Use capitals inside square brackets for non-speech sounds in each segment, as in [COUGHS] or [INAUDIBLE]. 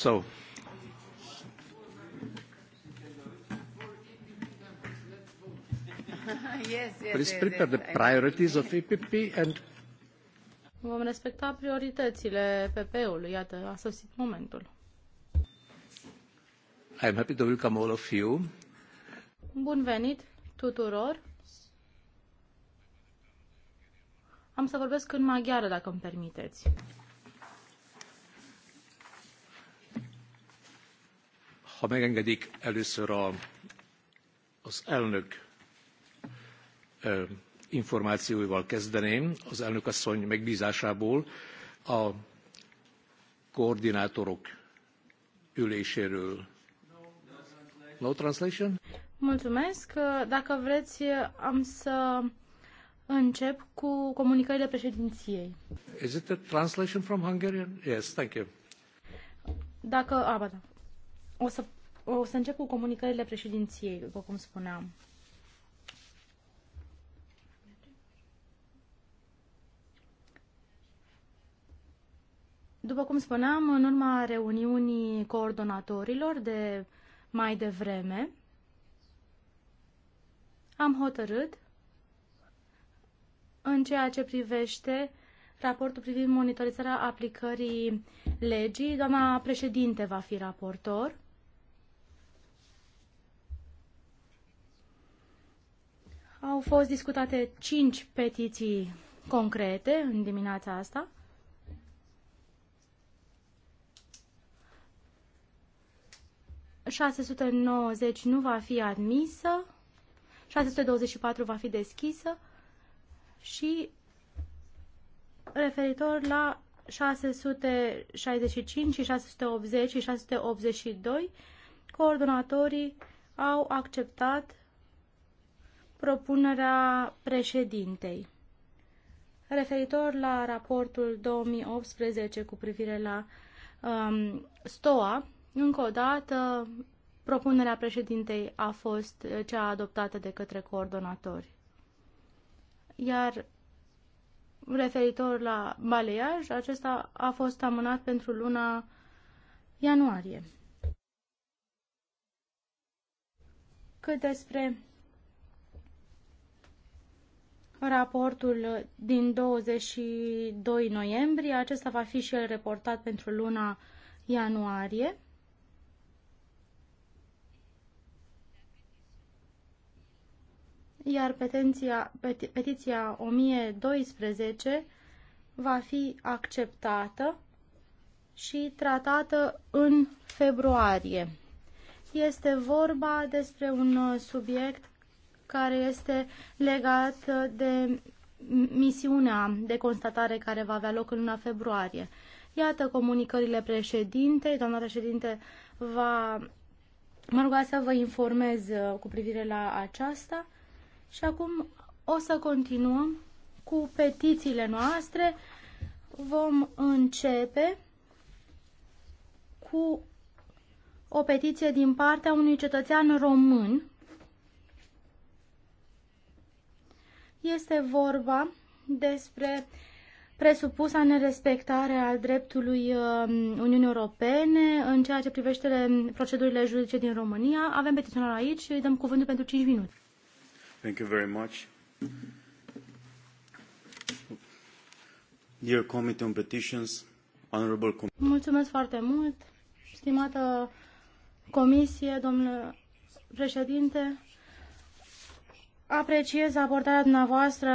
So. [LAUGHS] yes, yes, Please prepare the priorities of EPP and Vom respecta prioritățile PP-ului. Iată, a sosit momentul. I am happy to welcome all of you. Bun venit tuturor. Am să vorbesc în maghiară, dacă îmi permiteți. Ha megengedik, először a, az elnök ö, információival kezdeném, az elnök asszony megbízásából a koordinátorok üléséről. No translation? Mulțumesc. Dacă vreți, am să Încep cu comunicările președinției. Is it a translation from Hungarian? Yes, thank you. Dacă, a, ba, da. O să, o să încep cu comunicările președinției, după cum spuneam. După cum spuneam, în urma reuniunii coordonatorilor de mai devreme, am hotărât în ceea ce privește raportul privind monitorizarea aplicării legii. Doamna președinte va fi raportor. Au fost discutate cinci petiții concrete în dimineața asta. ...690 nu va fi admisă, 624 va fi deschisă, și referitor la 665 și 680 și 682, coordonatorii au acceptat propunerea președintei. Referitor la raportul 2018 cu privire la um, STOA, încă o dată, propunerea președintei a fost uh, cea adoptată de către coordonatori iar referitor la baleiaj, acesta a fost amânat pentru luna ianuarie. Cât despre raportul din 22 noiembrie, acesta va fi și el reportat pentru luna ianuarie. iar petenția, peti, petiția 1012 va fi acceptată și tratată în februarie. Este vorba despre un subiect care este legat de misiunea de constatare care va avea loc în luna februarie. Iată comunicările președintei. Doamna președinte va mă ruga să vă informez uh, cu privire la aceasta. Și acum o să continuăm cu petițiile noastre. Vom începe cu o petiție din partea unui cetățean român. Este vorba despre presupusa nerespectare al dreptului um, Uniunii Europene în ceea ce privește procedurile judice din România. Avem petiționarul aici și îi dăm cuvântul pentru 5 minute. Thank you very much. Dear Committee on Petitions, Honorable Committee. Mulțumesc foarte mult, stimată comisie, domnule președinte, Apreciez abordarea dumneavoastră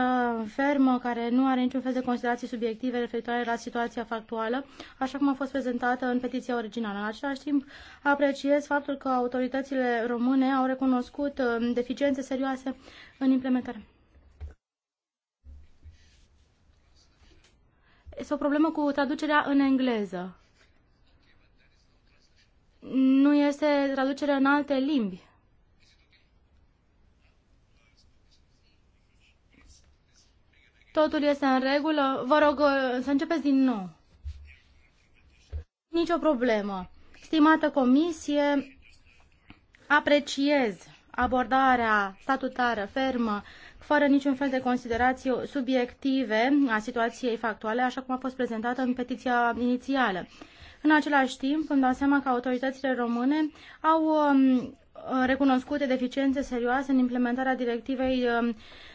fermă, care nu are niciun fel de considerații subiective referitoare la situația factuală, așa cum a fost prezentată în petiția originală. În același timp, apreciez faptul că autoritățile române au recunoscut um, deficiențe serioase în implementare. Este o problemă cu traducerea în engleză. Nu este traducerea în alte limbi. Totul este în regulă. Vă rog uh, să începeți din nou. Nicio problemă. Stimată comisie, apreciez abordarea statutară fermă, fără niciun fel de considerații subiective a situației factuale, așa cum a fost prezentată în petiția inițială. În același timp, îmi dau seama că autoritățile române au um, recunoscute deficiențe serioase în implementarea directivei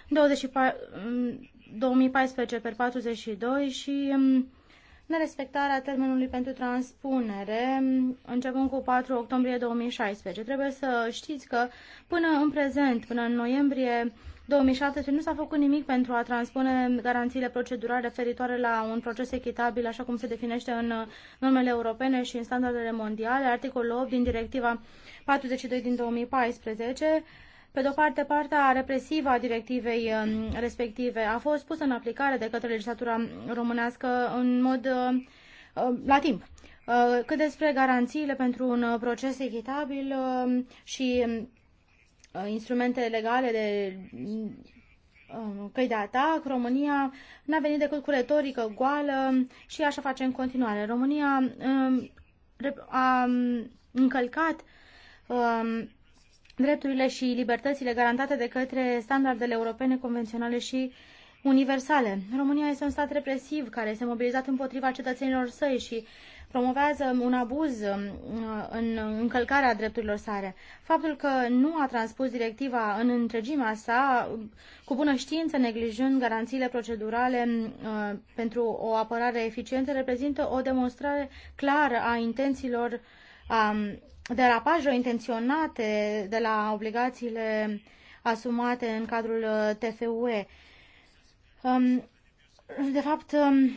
24, um, 2014 per 42 și mm, nerespectarea termenului pentru transpunere, mm, începând cu 4 octombrie 2016. Trebuie să știți că până în prezent, până în noiembrie 2017, nu s-a făcut nimic pentru a transpune garanțiile procedurale referitoare la un proces echitabil, așa cum se definește în uh, normele europene și în standardele mondiale, articolul 8 din directiva 42 din 2014, pe de o parte, partea represivă a directivei um, respective a fost pusă în aplicare de către legislatura românească în mod uh, uh, la timp. Uh, cât despre garanțiile pentru un proces echitabil um, și um, instrumente legale de căi de atac, România n-a venit decât cu retorică goală și așa face în continuare. România a încălcat drepturile și libertățile garantate de către standardele europene convenționale și universale. România este un stat represiv care este mobilizat împotriva cetățenilor săi și promovează un abuz uh, în încălcarea drepturilor sale. Faptul că nu a transpus directiva în întregimea sa, cu bună știință neglijând garanțiile procedurale uh, pentru o apărare eficientă, reprezintă o demonstrare clară a intențiilor a derapajele intenționate de la obligațiile asumate în cadrul uh, TFUE. Um, de fapt, um,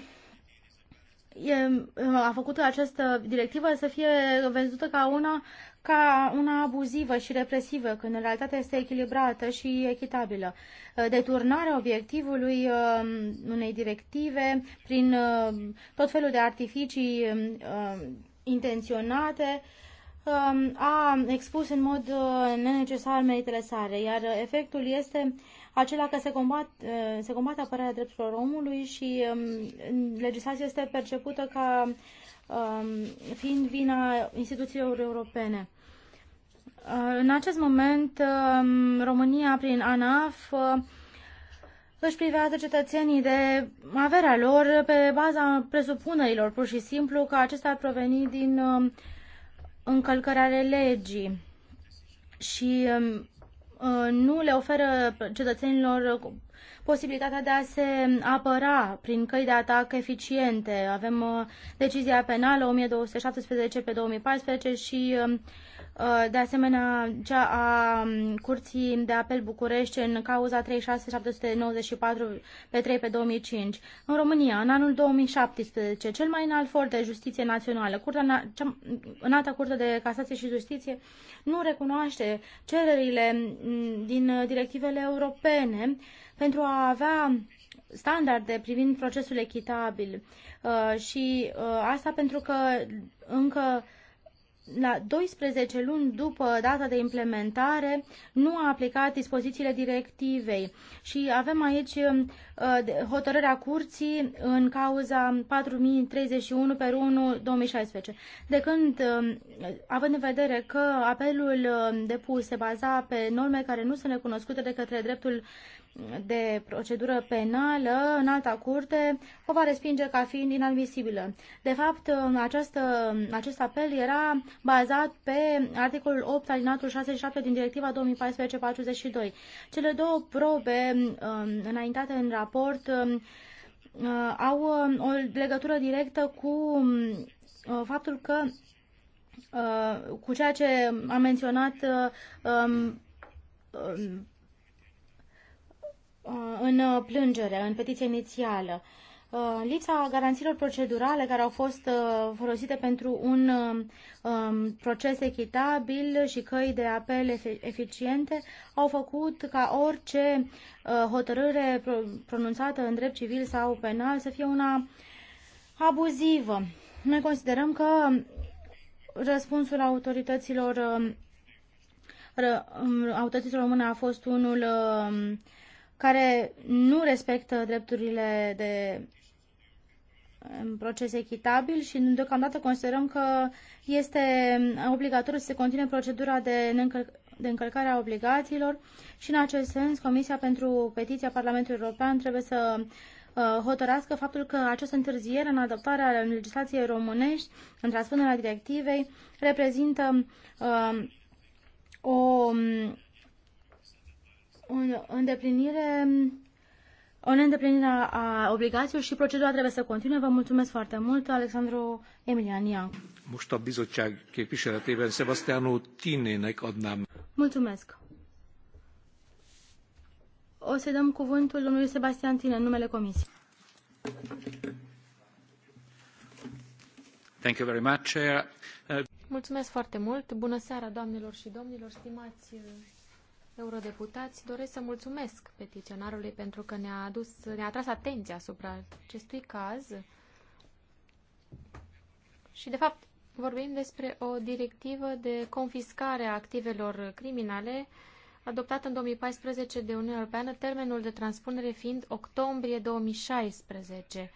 um, a făcut această directivă să fie văzută ca una ca una abuzivă și represivă, când în realitate este echilibrată și echitabilă. Uh, deturnarea obiectivului unei directive prin uh, tot felul de artificii intenționate Um, a expus în mod uh, nenecesar meritele sale, iar efectul este acela că se, combat, uh, se combate apărarea drepturilor omului și um, legislația este percepută ca um, fiind vina instituțiilor europene. Uh, în acest moment, România, prin ANAF, își privează cetățenii de averea lor pe baza presupunerilor, pur și simplu, că acestea ar proveni din încălcări ale legii și um, uh, nu le oferă cetățenilor posibilitatea de a se apăra prin căi de atac eficiente. Avem uh, decizia penală 1217 pe 2014 și um, Uh, de asemenea cea a um, Curții de Apel București în cauza 36794 pe 3 pe 2005. În România, în anul 2017, cel mai înalt for de justiție națională, curtea, cea, alta curte de casație și justiție, nu recunoaște cererile din directivele europene pentru a avea standarde privind procesul echitabil uh, și uh, asta pentru că încă uh, la 12 luni după data de implementare nu a aplicat dispozițiile directivei și avem aici uh, hotărârea curții în cauza 4031 pe 1 2016. De când, uh, având în vedere că apelul uh, depus se baza pe norme care nu sunt recunoscute de către dreptul de procedură penală în alta curte o va respinge ca fiind inadmisibilă. De fapt, această, acest apel era bazat pe articolul 8 alinatul 67 din directiva 2014-42. Cele două probe um, înaintate în raport um, uh, au um, o legătură directă cu uh, faptul că uh, cu ceea ce a menționat Uh, în uh, plângere, în petiție inițială. Uh, lipsa garanțiilor procedurale care au fost folosite pentru un um, proces echitabil și căi de apel eficiente au făcut ca orice hotărâre pronunțată în drept civil sau penal să fie una abuzivă. Noi considerăm că răspunsul autorităților um, autorităților române a fost unul uh, care nu respectă drepturile de proces echitabil și deocamdată considerăm că este obligatoriu să se continue procedura de, încăl- de încălcare a obligațiilor și în acest sens Comisia pentru Petiția Parlamentului European trebuie să uh, hotărască faptul că această întârziere în adoptarea legislației românești, în transpunerea directivei, reprezintă uh, o un îndeplinire o neîndeplinire a obligațiilor și procedura trebuie să continue. Vă mulțumesc foarte mult, Alexandru Emilian Ian. Mulțumesc. O să dăm cuvântul domnului Sebastian Tine în numele Comisiei. Thank you very much. Mulțumesc foarte mult. Bună seara, doamnelor și domnilor, stimați eurodeputați, doresc să mulțumesc petiționarului pentru că ne-a adus, ne-a atras atenția asupra acestui caz. Și, de fapt, vorbim despre o directivă de confiscare a activelor criminale adoptată în 2014 de Uniunea Europeană, termenul de transpunere fiind octombrie 2016.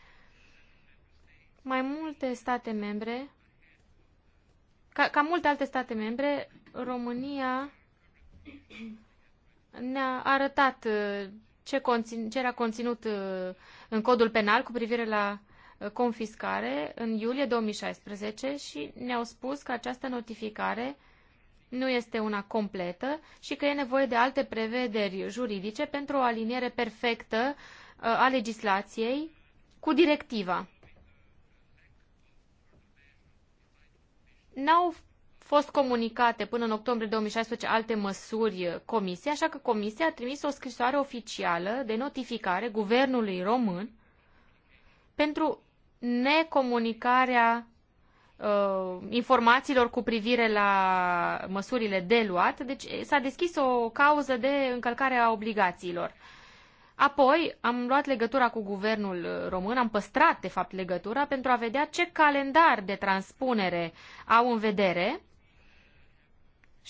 Mai multe state membre, ca, ca multe alte state membre, România ne-a arătat uh, ce, conțin, ce era conținut uh, în codul penal cu privire la uh, confiscare în iulie 2016 și ne-au spus că această notificare nu este una completă și că e nevoie de alte prevederi juridice pentru o aliniere perfectă a legislației cu directiva. N-au fost comunicate până în octombrie 2016 alte măsuri comisiei, așa că comisia a trimis o scrisoare oficială de notificare guvernului român pentru necomunicarea uh, informațiilor cu privire la măsurile de luat. Deci s-a deschis o cauză de încălcare a obligațiilor. Apoi am luat legătura cu guvernul uh, român, am păstrat de fapt legătura pentru a vedea ce calendar de transpunere au în vedere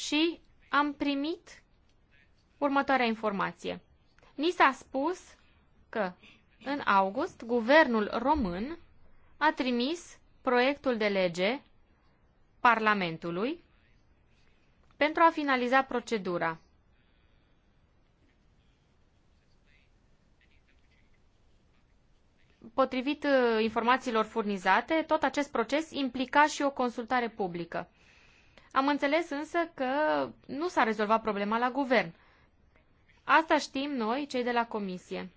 și am primit următoarea informație. Ni s-a spus că în august guvernul român a trimis proiectul de lege Parlamentului pentru a finaliza procedura. Potrivit uh, informațiilor furnizate, tot acest proces implica și o consultare publică. Am înțeles însă că nu s-a rezolvat problema la guvern. Asta știm noi, cei de la comisie.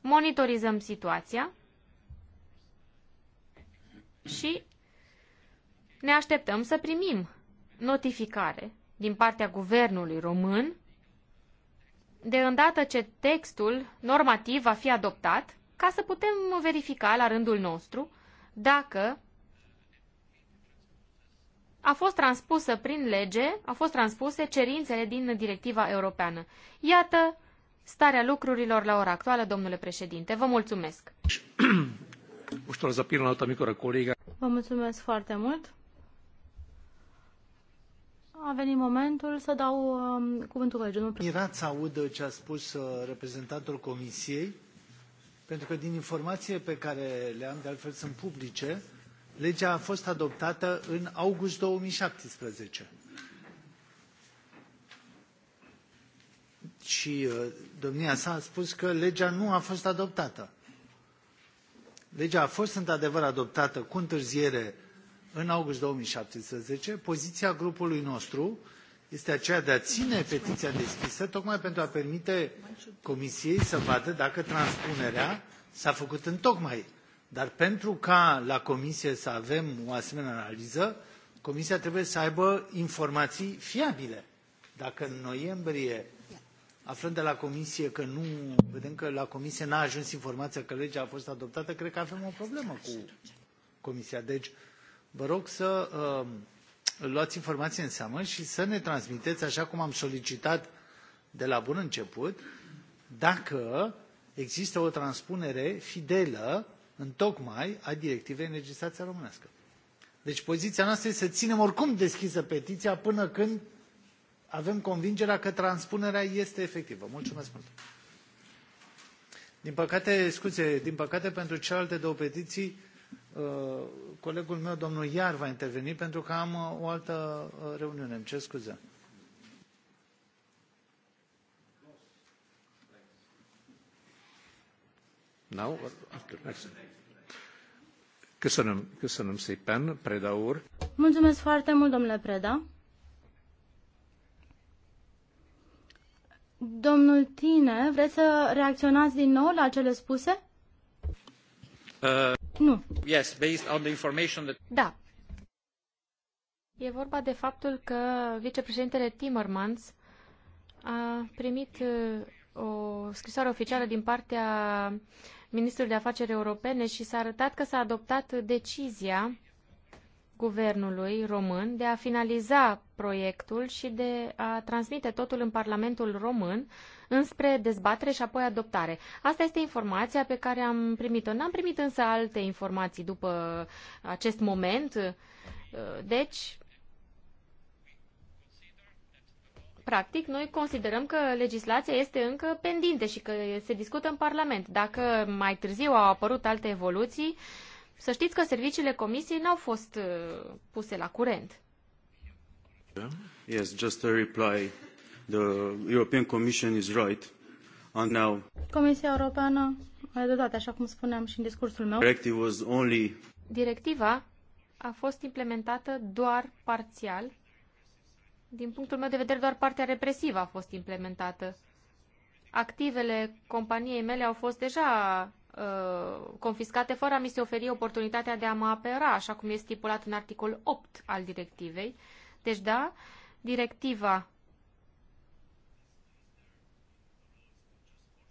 Monitorizăm situația și ne așteptăm să primim notificare din partea guvernului român de îndată ce textul normativ va fi adoptat, ca să putem verifica la rândul nostru dacă a fost transpusă prin lege, au fost transpuse cerințele din directiva europeană. Iată starea lucrurilor la ora actuală, domnule președinte. Vă mulțumesc. [COUGHS] Vă mulțumesc foarte mult. A venit momentul să dau um, cuvântul colegului. Mirat să audă ce a spus uh, reprezentantul Comisiei, pentru că din informațiile pe care le am, de altfel sunt publice, Legea a fost adoptată în august 2017. Și uh, domnia sa a spus că legea nu a fost adoptată. Legea a fost într-adevăr adoptată cu întârziere în august 2017. Poziția grupului nostru este aceea de a ține petiția deschisă tocmai pentru a permite Comisiei să vadă dacă transpunerea s-a făcut în tocmai dar pentru ca la Comisie să avem o asemenea analiză, Comisia trebuie să aibă informații fiabile. Dacă în noiembrie aflăm de la Comisie că nu, vedem că la Comisie n-a ajuns informația că legea a fost adoptată, cred că avem o problemă cu Comisia. Deci, vă rog să uh, luați informații în seamă și să ne transmiteți, așa cum am solicitat de la bun început, dacă există o transpunere fidelă întocmai a directivei în legislația românească. Deci poziția noastră este să ținem oricum deschisă petiția până când avem convingerea că transpunerea este efectivă. Mulțumesc mult! Din păcate, scuze, din păcate pentru celelalte două petiții, uh, colegul meu, domnul Iar, va interveni pentru că am uh, o altă uh, reuniune. Îmi cer scuze. Nu, or after? Next. Köszönöm, köszönöm szépen, Preda úr. Mulțumesc foarte mult, domnule Preda. Domnul Tine, vreți să reacționați din nou la cele spuse? Uh, nu. Yes, based on the information that... Da. E vorba de faptul că vicepreședintele Timmermans a primit uh, o scrisoare oficială din partea uh, ministrul de afaceri europene și s-a arătat că s-a adoptat decizia guvernului român de a finaliza proiectul și de a transmite totul în Parlamentul român înspre dezbatere și apoi adoptare. Asta este informația pe care am primit-o. N-am primit însă alte informații după acest moment. Deci, practic, noi considerăm că legislația este încă pendinte și că se discută în Parlament. Dacă mai târziu au apărut alte evoluții, să știți că serviciile Comisiei n-au fost uh, puse la curent. Yes, just a reply. The European Commission is right. And now, Comisia Europeană a dreptate, așa cum spuneam și în discursul meu. Directiva a fost implementată doar parțial din punctul meu de vedere, doar partea represivă a fost implementată. Activele companiei mele au fost deja uh, confiscate fără a mi se oferi oportunitatea de a mă apăra, așa cum este stipulat în articolul 8 al directivei. Deci, da, directiva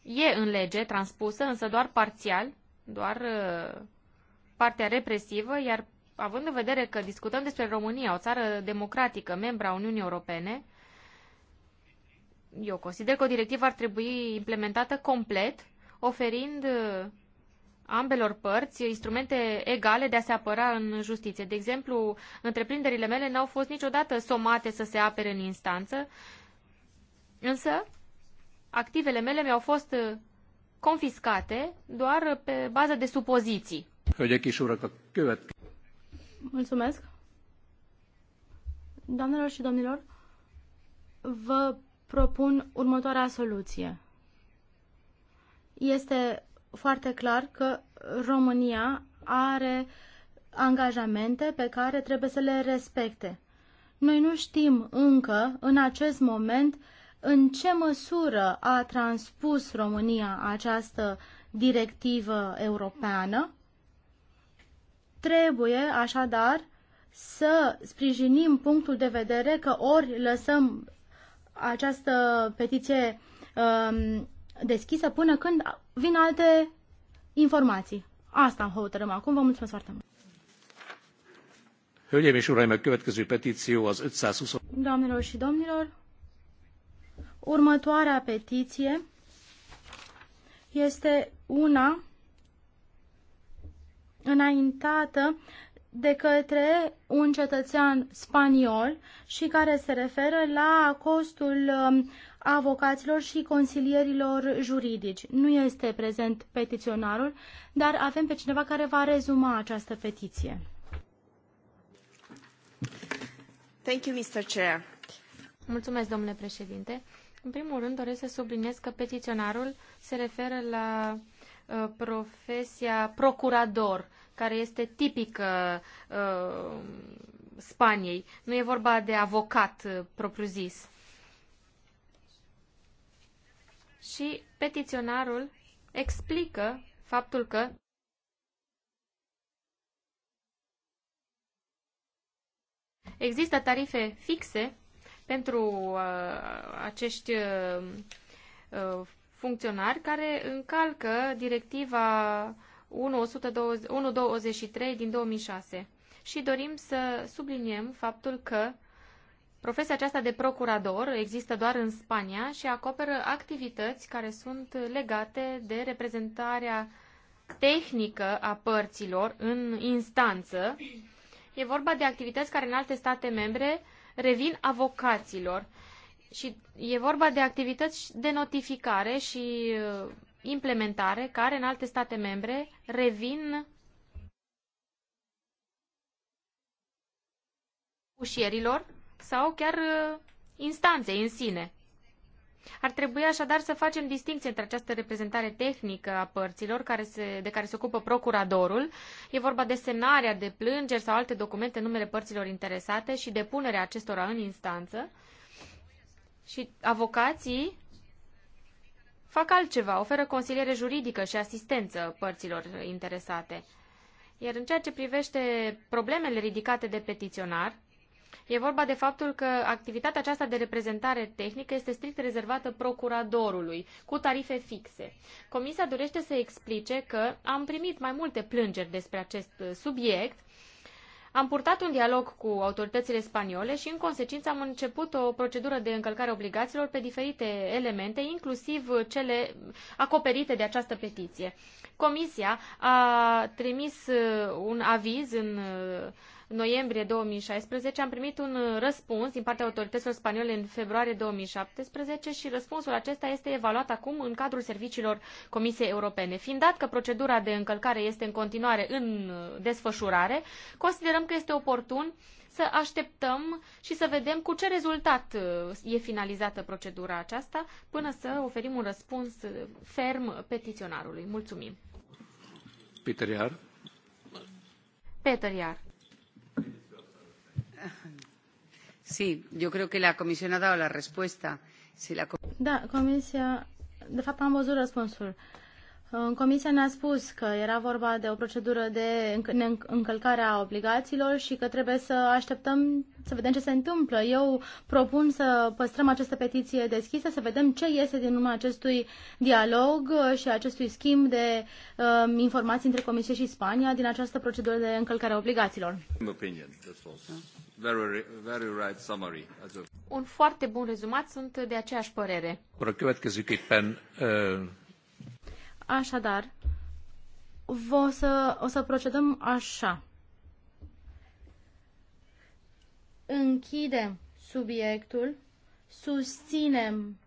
e în lege transpusă, însă doar parțial, doar uh, partea represivă, iar având în vedere că discutăm despre România, o țară democratică, membra Uniunii Europene, eu consider că o directivă ar trebui implementată complet, oferind uh, ambelor părți instrumente egale de a se apăra în justiție. De exemplu, întreprinderile mele n-au fost niciodată somate să se apere în instanță, însă activele mele mi-au fost uh, confiscate doar pe bază de supoziții. Hölgyek urak, a Mulțumesc. Doamnelor și domnilor, vă propun următoarea soluție. Este foarte clar că România are angajamente pe care trebuie să le respecte. Noi nu știm încă, în acest moment, în ce măsură a transpus România această directivă europeană Trebuie, așadar, să sprijinim punctul de vedere că ori lăsăm această petiție um, deschisă până când vin alte informații. Asta am hotărâm acum. Vă mulțumesc foarte mult. Hölgyeim és uraim, a következő petíció az 520... Doamnelor și domnilor, următoarea petiție este una înaintată de către un cetățean spaniol și care se referă la costul um, avocaților și consilierilor juridici. Nu este prezent petiționarul, dar avem pe cineva care va rezuma această petiție. Thank you, Mr. Chair. Mulțumesc, domnule președinte. În primul rând, doresc să subliniez că petiționarul se referă la Uh, profesia procurador, care este tipică uh, Spaniei. Nu e vorba de avocat uh, propriu-zis. Și petiționarul explică faptul că există tarife fixe pentru uh, acești uh, uh funcționari care încalcă directiva 123 din 2006 și dorim să subliniem faptul că profesia aceasta de procurador există doar în Spania și acoperă activități care sunt legate de reprezentarea tehnică a părților în instanță. E vorba de activități care în alte state membre revin avocaților și e vorba de activități de notificare și uh, implementare care în alte state membre revin ușierilor sau chiar uh, instanței în sine. Ar trebui așadar să facem distinție între această reprezentare tehnică a părților care se, de care se ocupă procuradorul, e vorba de semnarea de plângeri sau alte documente în numele părților interesate și depunerea acestora în instanță, și avocații fac altceva, oferă consiliere juridică și asistență părților interesate. Iar în ceea ce privește problemele ridicate de petiționar, e vorba de faptul că activitatea aceasta de reprezentare tehnică este strict rezervată procuratorului, cu tarife fixe. Comisia dorește să explice că am primit mai multe plângeri despre acest subiect am purtat un dialog cu autoritățile spaniole și, în consecință, am început o procedură de încălcare obligațiilor pe diferite elemente, inclusiv cele acoperite de această petiție. Comisia a trimis uh, un aviz în noiembrie 2016, am primit un uh, răspuns din partea autorităților spaniole în februarie 2017 și răspunsul acesta este evaluat acum în cadrul serviciilor Comisiei Europene. Fiind dat că procedura de încălcare este în continuare în uh, desfășurare, considerăm că este oportun să așteptăm și să vedem cu ce rezultat uh, e finalizată procedura aceasta până să oferim un răspuns ferm petiționarului. Mulțumim. Peter Iar. Peter Iar. Da, comisia, de fapt am văzut răspunsul. În comisia ne-a spus că era vorba de o procedură de încălcare a obligațiilor și că trebuie să așteptăm să vedem ce se întâmplă. Eu propun să păstrăm această petiție deschisă, să vedem ce iese din urma acestui dialog și acestui schimb de um, informații între Comisie și Spania din această procedură de încălcare a obligațiilor. Very, very right summary. Un foarte bun rezumat, sunt de aceeași părere. Așadar, o să, o să procedăm așa. Închidem subiectul, susținem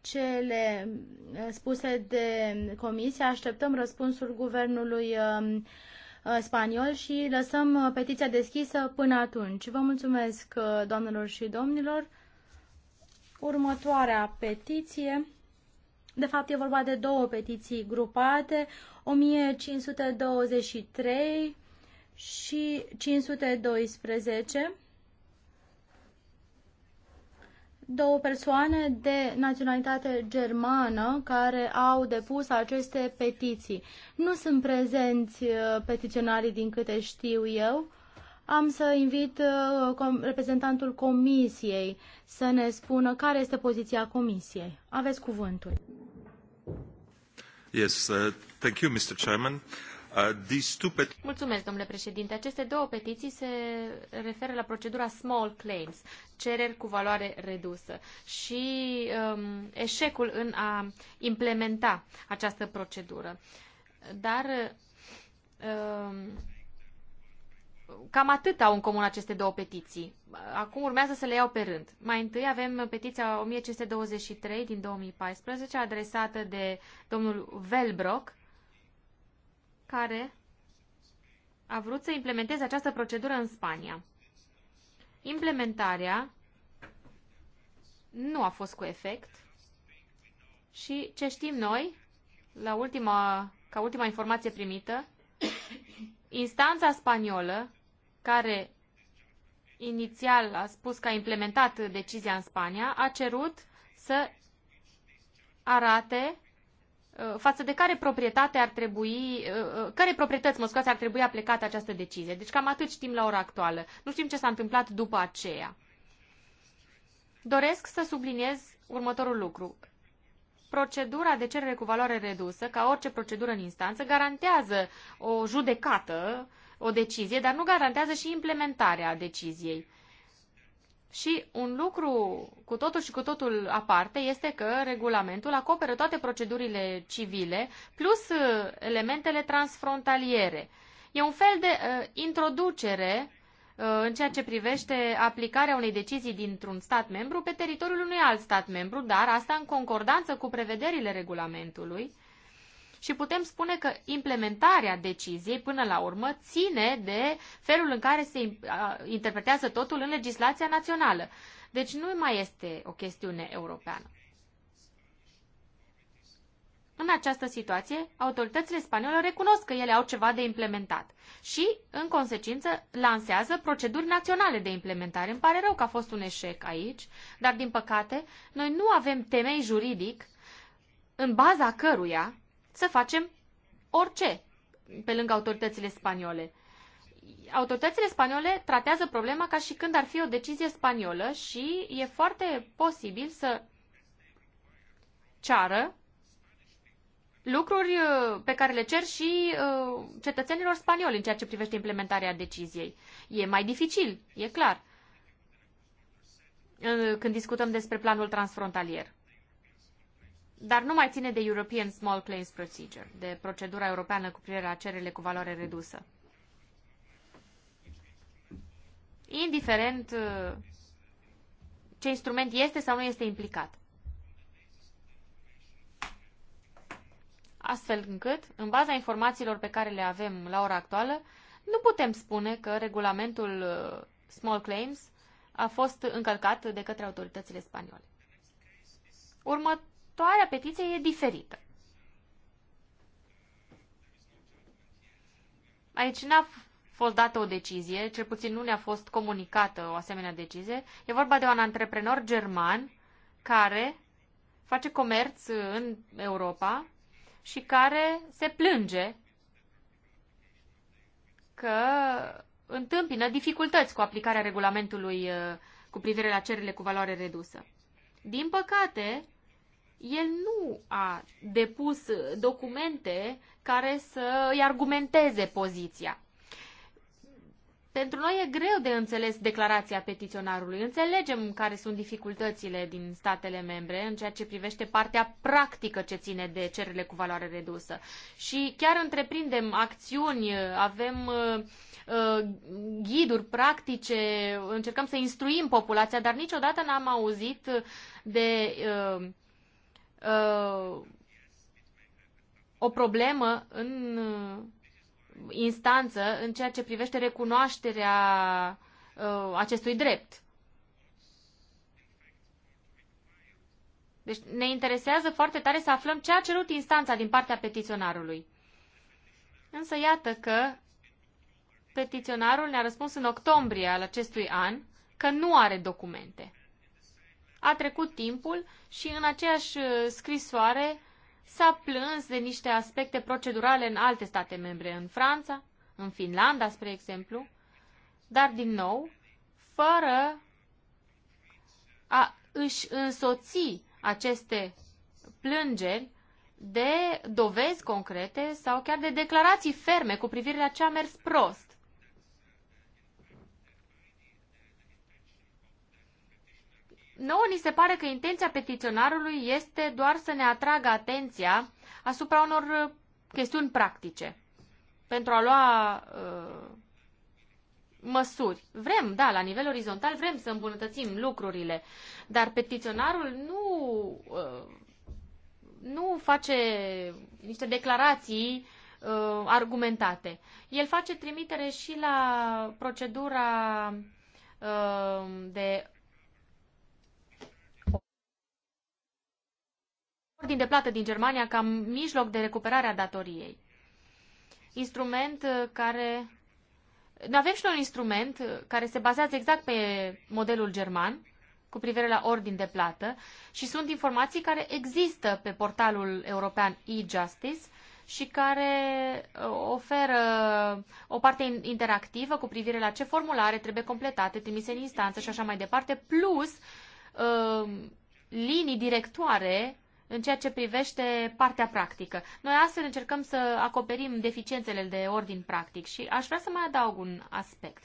cele eh, spuse de comisie, așteptăm răspunsul guvernului eh, eh, spaniol și lăsăm petiția deschisă până atunci. Vă mulțumesc, doamnelor și domnilor. Următoarea petiție de fapt, e vorba de două petiții grupate, 1523 și 512. Două persoane de naționalitate germană care au depus aceste petiții. Nu sunt prezenți uh, petiționarii din câte știu eu. Am să invit uh, reprezentantul comisiei să ne spună care este poziția comisiei. Aveți cuvântul. Yes, uh, thank you, Mr. Chairman. Uh, Mulțumesc, domnule președinte. Aceste două petiții se referă la procedura small claims, cereri cu valoare redusă și um, eșecul în a implementa această procedură. Dar um, Cam atât au în comun aceste două petiții. Acum urmează să le iau pe rând. Mai întâi avem petiția 1523 din 2014, adresată de domnul Velbrock, care a vrut să implementeze această procedură în Spania. Implementarea nu a fost cu efect și ce știm noi, la ultima, ca ultima informație primită, instanța spaniolă care inițial a spus că a implementat decizia în Spania, a cerut să arate uh, față de care proprietate ar trebui, uh, uh, care proprietăți, mă ar trebui aplicată această decizie. Deci cam atât știm la ora actuală. Nu știm ce s-a întâmplat după aceea. Doresc să subliniez următorul lucru. Procedura de cerere cu valoare redusă, ca orice procedură în instanță, garantează o judecată uh, o decizie, dar nu garantează și implementarea deciziei. Și un lucru cu totul și cu totul aparte este că regulamentul acoperă toate procedurile civile plus uh, elementele transfrontaliere. E un fel de uh, introducere uh, în ceea ce privește aplicarea unei decizii dintr-un stat membru pe teritoriul unui alt stat membru, dar asta în concordanță cu prevederile regulamentului și putem spune că implementarea deciziei până la urmă ține de felul în care se uh, interpretează totul în legislația națională. Deci nu mai este o chestiune europeană. În această situație, autoritățile spaniole recunosc că ele au ceva de implementat și, în consecință, lansează proceduri naționale de implementare. Îmi pare rău că a fost un eșec aici, dar, din păcate, noi nu avem temei juridic în baza căruia să facem orice pe lângă autoritățile spaniole. Autoritățile spaniole tratează problema ca și când ar fi o decizie spaniolă și e foarte posibil să ceară lucruri uh, pe care le cer și uh, cetățenilor spanioli în ceea ce privește implementarea deciziei. E mai dificil, e clar, uh, când discutăm despre planul transfrontalier dar nu mai ține de European Small Claims Procedure, de procedura europeană cu privire la cererile cu valoare redusă. Indiferent uh, ce instrument este sau nu este implicat. Astfel încât, în baza informațiilor pe care le avem la ora actuală, nu putem spune că regulamentul uh, Small Claims a fost încălcat de către autoritățile spaniole. Următ Efectuarea petiției e diferită. Aici n-a fost dată o decizie, cel puțin nu ne-a fost comunicată o asemenea decizie. E vorba de un antreprenor german care face comerț în Europa și care se plânge că întâmpină dificultăți cu aplicarea regulamentului uh, cu privire la cererile cu valoare redusă. Din păcate, el nu a depus documente care să îi argumenteze poziția. Pentru noi e greu de înțeles declarația petiționarului. Înțelegem care sunt dificultățile din statele membre în ceea ce privește partea practică ce ține de cererile cu valoare redusă. Și chiar întreprindem acțiuni, avem uh, uh, ghiduri practice, încercăm să instruim populația, dar niciodată n-am auzit de uh, uh, o problemă în uh, instanță în ceea ce privește recunoașterea uh, acestui drept. Deci ne interesează foarte tare să aflăm ce a cerut instanța din partea petiționarului. Însă iată că petiționarul ne-a răspuns în octombrie al acestui an că nu are documente. A trecut timpul și în aceeași uh, scrisoare s-a plâns de niște aspecte procedurale în alte state membre, în Franța, în Finlanda, spre exemplu, dar din nou, fără a își însoți aceste plângeri de dovezi concrete sau chiar de declarații ferme cu privire la ce a mers prost. Nouă ni se pare că intenția petiționarului este doar să ne atragă atenția asupra unor uh, chestiuni practice pentru a lua uh, măsuri. Vrem, da, la nivel orizontal vrem să îmbunătățim lucrurile, dar petiționarul nu, uh, nu face niște declarații uh, argumentate. El face trimitere și la procedura uh, de ordin de plată din Germania ca mijloc de recuperare a datoriei. Instrument uh, care... Avem și noi un instrument uh, care se bazează exact pe modelul german cu privire la ordin de plată și sunt informații care există pe portalul european e-justice și care uh, oferă o parte interactivă cu privire la ce formulare trebuie completate, trimise în instanță și așa mai departe, plus linii directoare în ceea ce privește partea practică. Noi astfel încercăm să acoperim deficiențele de ordin practic și aș vrea să mai adaug un aspect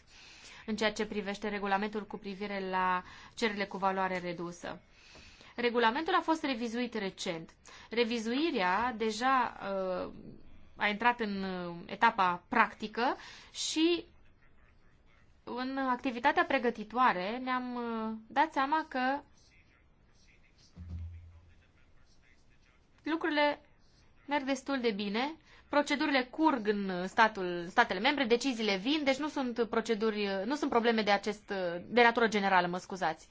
în ceea ce privește regulamentul cu privire la cererile cu valoare redusă. Regulamentul a fost revizuit recent. Revizuirea deja uh, a intrat în uh, etapa practică și în activitatea pregătitoare ne-am uh, dat seama că lucrurile merg destul de bine. Procedurile curg în statul, statele membre, deciziile vin, deci nu sunt proceduri, nu sunt probleme de acest, de natură generală, mă scuzați.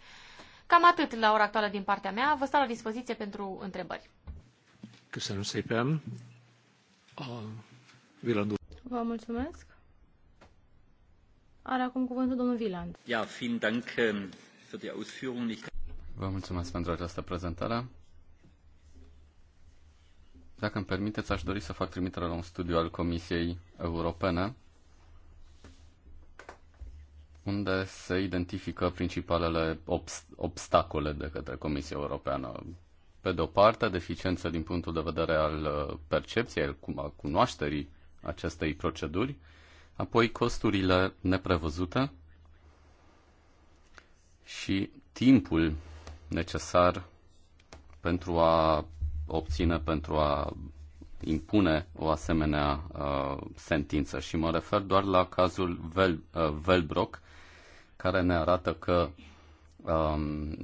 Cam atât la ora actuală din partea mea. Vă stau la dispoziție pentru întrebări. să nu Vă mulțumesc. Are acum cuvântul domnul Viland. Ja, vielen Dank ähm, für die Ausführung. Vă mulțumesc pentru această prezentare. Dacă îmi permiteți, aș dori să fac trimitere la un studiu al Comisiei Europene unde se identifică principalele obst- obstacole de către Comisia Europeană. Pe de o parte, deficiență din punctul de vedere al uh, percepției, al cunoașterii acestei proceduri, apoi costurile neprevăzute și timpul necesar pentru a obține pentru a impune o asemenea uh, sentință. Și mă refer doar la cazul Vel, uh, Velbrock, care ne arată că um,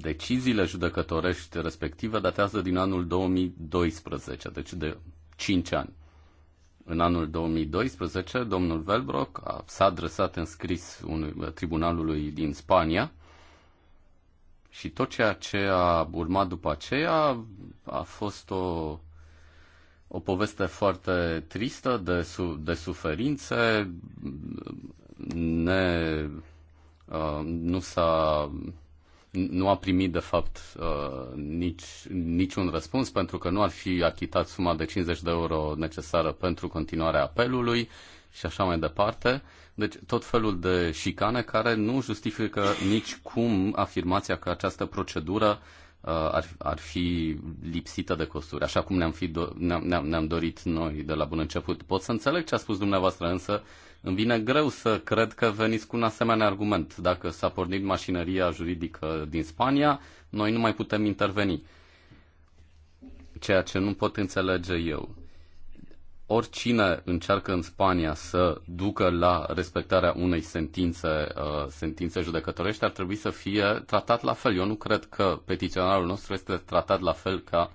deciziile judecătorești respective datează din anul 2012, deci de 5 ani. În anul 2012, domnul Velbrock a, s-a adresat în scris unui, uh, tribunalului din Spania și tot ceea ce a urmat după aceea a fost o, o poveste foarte tristă de, su, de suferințe. Ne, uh, nu s-a nu a primit de fapt uh, nici, niciun răspuns pentru că nu ar fi achitat suma de 50 de euro necesară pentru continuarea apelului și așa mai departe. Uh, deci tot felul de șicane care nu justifică nici cum afirmația că această procedură uh, ar, ar fi lipsită de costuri, așa cum ne-am, fi do- ne-am, ne-am, ne-am dorit noi de la bun început. Pot să înțeleg ce a spus dumneavoastră, însă îmi vine greu să cred că veniți cu un asemenea argument. Dacă s-a pornit mașinăria juridică din Spania, noi nu mai putem interveni. Ceea ce nu pot înțelege eu oricine încearcă în Spania să ducă la respectarea unei sentințe, uh, sentințe judecătorești ar trebui să fie tratat la fel. Eu nu cred că petiționarul nostru este tratat la fel ca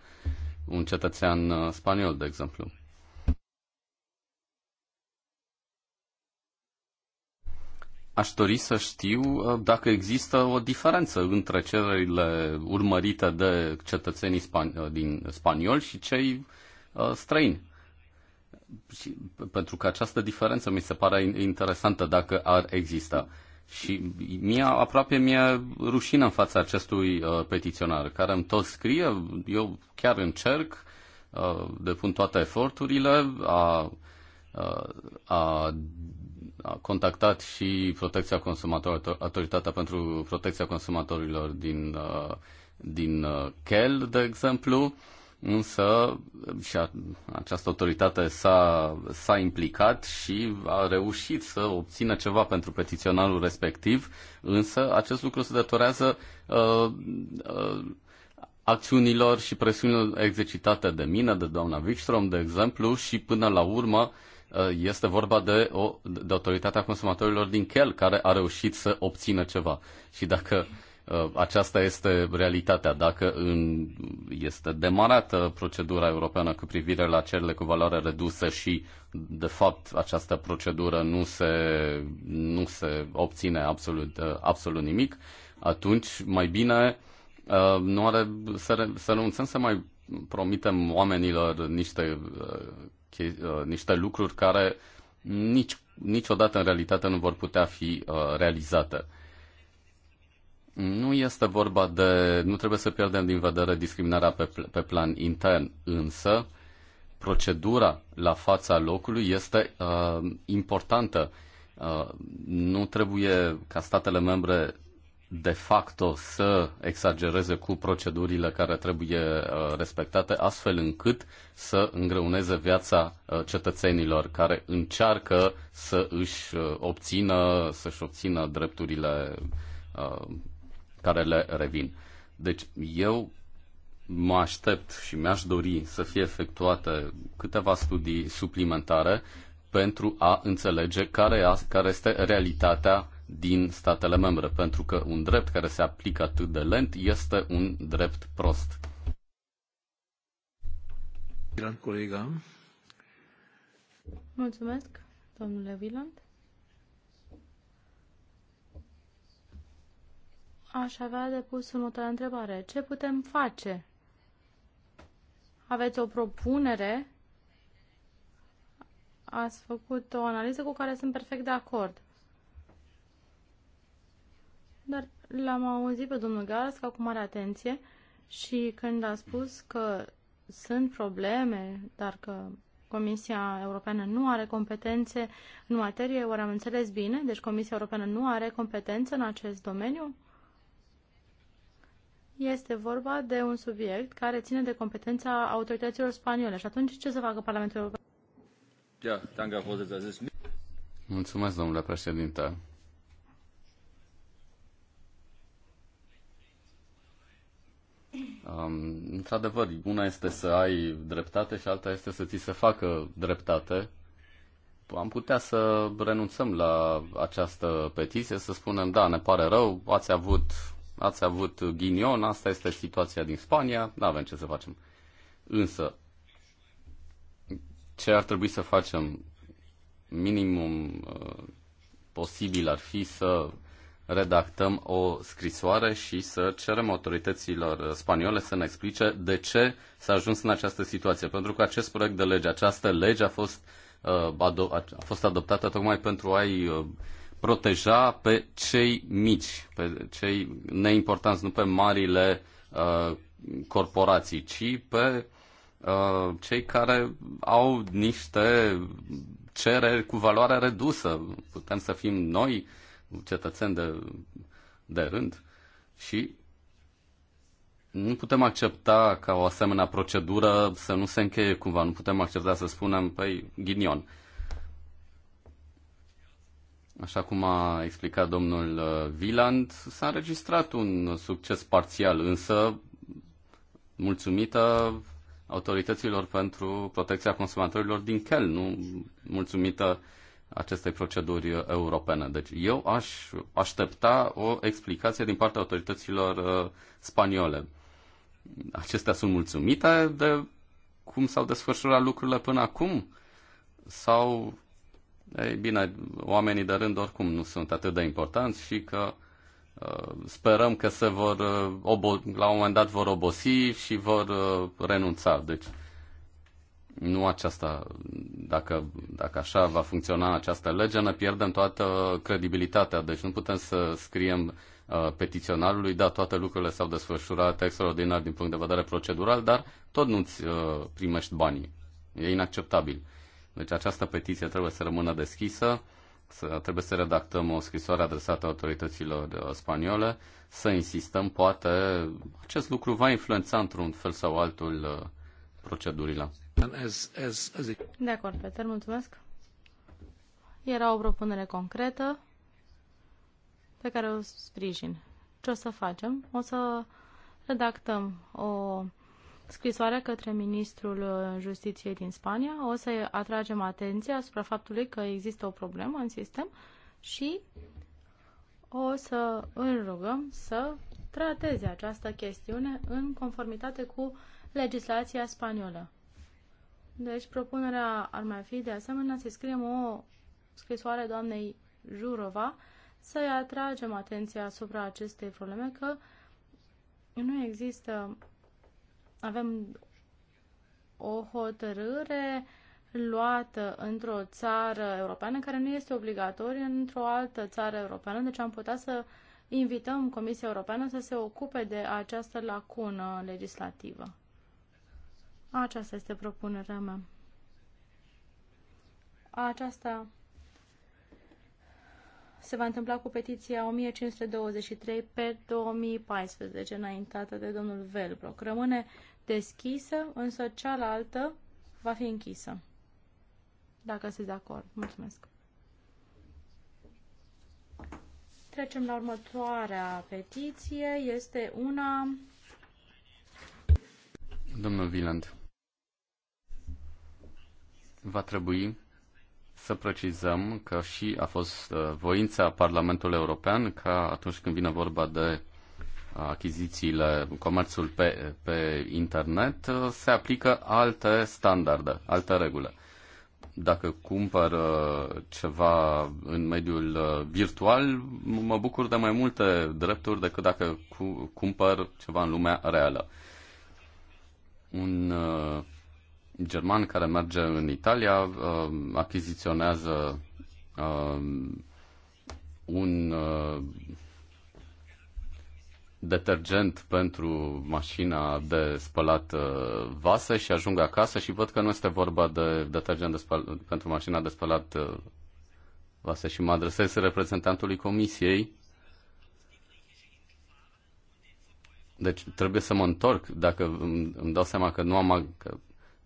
un cetățean uh, spaniol, de exemplu. Aș dori să știu uh, dacă există o diferență între cererile urmărite de cetățenii span- uh, din spanioli și cei străini și pentru că această diferență mi se pare interesantă dacă ar exista. Și mie, aproape mi-e rușină în fața acestui uh, petiționar care îmi tot scrie, eu chiar încerc, uh, depun toate eforturile, a, a, uh, a, a contactat și protecția consumatorilor, Autoritatea pentru Protecția Consumatorilor din, uh, din uh, Kel, de exemplu, uh, însă și a, această autoritate s-a, s-a implicat și a reușit să obțină ceva pentru petiționarul respectiv, însă acest lucru se datorează uh, uh, acțiunilor și presiunilor exercitate de mine, de doamna Wikström, de exemplu, și până la urmă uh, este vorba de, o, de autoritatea consumatorilor din Kel care a reușit să obțină ceva. Și dacă uh, Uh, aceasta este realitatea. Dacă în, este demarată procedura europeană cu privire la cerile cu valoare redusă și, de fapt, această procedură nu se, nu se obține absolut, uh, absolut nimic, atunci mai bine uh, nu are, să, să renunțăm să mai promitem oamenilor niște, niște lucruri care nici, niciodată în realitate nu vor putea fi realizate. Nu este vorba de. Nu trebuie să pierdem din vedere discriminarea pe, pe plan intern, însă procedura la fața locului este uh, importantă. Uh, nu trebuie ca statele membre de facto să exagereze cu procedurile care trebuie uh, respectate, astfel încât să îngreuneze viața uh, cetățenilor care încearcă să își uh, obțină, să-și obțină drepturile care le revin. Deci eu mă aștept și mi-aș dori să fie efectuate câteva studii suplimentare pentru a înțelege care, care este realitatea din statele membre, pentru că un drept care se aplică atât de lent este un drept prost. Viland, colega. Mulțumesc, domnule Viland. Aș avea de pus următoarea întrebare. Ce putem face? Aveți o propunere? Ați făcut o analiză cu care sunt perfect de acord. Dar l-am auzit pe domnul Galasca cu mare atenție și când a spus că sunt probleme, dar că Comisia Europeană nu are competențe în materie, ori am înțeles bine, deci Comisia Europeană nu are competențe în acest domeniu? Este vorba de un subiect care ține de competența autorităților spaniole. Și atunci ce să facă Parlamentul European? Ja, danke, Mulțumesc, domnule președinte. Um, într-adevăr, una este să ai dreptate și alta este să ți se facă dreptate. Am putea să renunțăm la această petiție, să spunem, da, ne pare rău, ați avut ați avut ghinion, asta este situația din Spania, nu avem ce să facem. Însă, ce ar trebui să facem, minimum uh, posibil ar fi să redactăm o scrisoare și să cerem autorităților spaniole să ne explice de ce s-a ajuns în această situație. Pentru că acest proiect de lege, această lege a fost, uh, a fost adoptată tocmai pentru a-i uh, proteja pe cei mici, pe cei neimportanți, nu pe marile uh, corporații, ci pe uh, cei care au niște cereri cu valoare redusă. Putem să fim noi cetățeni de, de rând și nu putem accepta ca o asemenea procedură să nu se încheie cumva, nu putem accepta să spunem, păi, ghinion. Uh, Așa cum a explicat domnul Viland, uh, s-a înregistrat un succes parțial, însă mulțumită autorităților pentru protecția consumatorilor din CEL, nu mulțumită acestei proceduri europene. Deci eu aș aștepta o explicație din partea autorităților uh, spaniole. Acestea sunt mulțumite de cum s-au desfășurat lucrurile până acum? Sau ei bine, oamenii de rând oricum nu sunt atât de importanți și că uh, sperăm că se vor, uh, la un moment dat vor obosi și vor uh, renunța. Deci nu aceasta, dacă, dacă așa va funcționa această lege, ne pierdem toată credibilitatea. Deci nu putem să scriem petiționarului, da, toate lucrurile s-au desfășurat extraordinar din punct de vedere procedural, dar tot nu-ți primești banii. E inacceptabil. Deci această petiție trebuie să rămână deschisă, să, trebuie să redactăm o scrisoare adresată autorităților uh, spaniole, să insistăm, poate acest lucru va influența într-un fel sau altul uh, procedurile. De acord, Peter, mulțumesc. Era o propunere concretă pe care o sprijin. Ce o să facem? O să redactăm o scrisoarea către ministrul uh, justiției din Spania. O să atragem atenția asupra faptului că există o problemă în sistem și o să îl rugăm să trateze această chestiune în conformitate cu legislația spaniolă. Deci propunerea ar mai fi de asemenea să scriem o scrisoare doamnei Jurova să-i atragem atenția asupra acestei probleme că nu există avem o hotărâre luată într-o țară europeană care nu este obligatorie într-o altă țară europeană, deci am putea să invităm Comisia Europeană să se ocupe de această lacună legislativă. Aceasta este propunerea mea. Aceasta se va întâmpla cu petiția 1523 pe 2014, înaintată de domnul Velbroc. Rămâne deschisă, însă cealaltă va fi închisă. Dacă sunteți de acord. Mulțumesc. Trecem la următoarea petiție. Este una... Domnul Viland, va trebui să precizăm că și a fost uh, voința Parlamentului European ca atunci când vine vorba de uh, achizițiile, comerțul pe, pe internet, uh, se aplică alte standarde, alte reguli. Dacă cumpăr ceva în mediul virtual, mă bucur de mai multe drepturi decât dacă cumpăr ceva în lumea reală. Un german care merge în Italia, uh, achiziționează uh, un uh, detergent pentru mașina de spălat uh, vase și ajung acasă și văd că nu este vorba de detergent de spăl- pentru mașina de spălat uh, vase și mă adresez reprezentantului comisiei. Deci trebuie să mă întorc dacă îmi, îmi dau seama că nu am că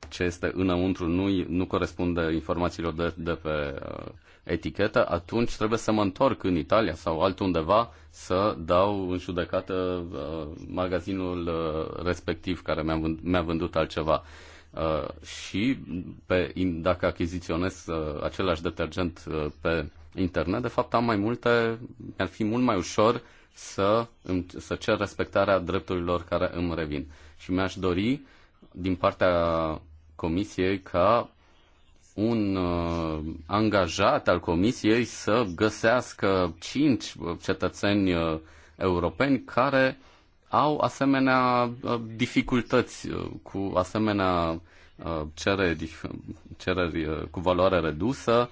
ce este înăuntru nu, nu corespunde informațiilor de, de pe uh, etichetă, atunci trebuie să mă întorc în Italia sau altundeva să dau în judecată uh, magazinul uh, respectiv care mi-a, vând, mi vândut altceva. Uh, și pe, dacă achiziționez uh, același detergent uh, pe internet, de fapt am mai multe, mi-ar fi mult mai ușor să, îmi, să cer respectarea drepturilor care îmi revin. Și mi-aș dori din partea Comisiei ca un uh, angajat al Comisiei să găsească cinci uh, cetățeni uh, europeni care au asemenea uh, dificultăți uh, cu asemenea uh, cereri, cereri uh, cu valoare redusă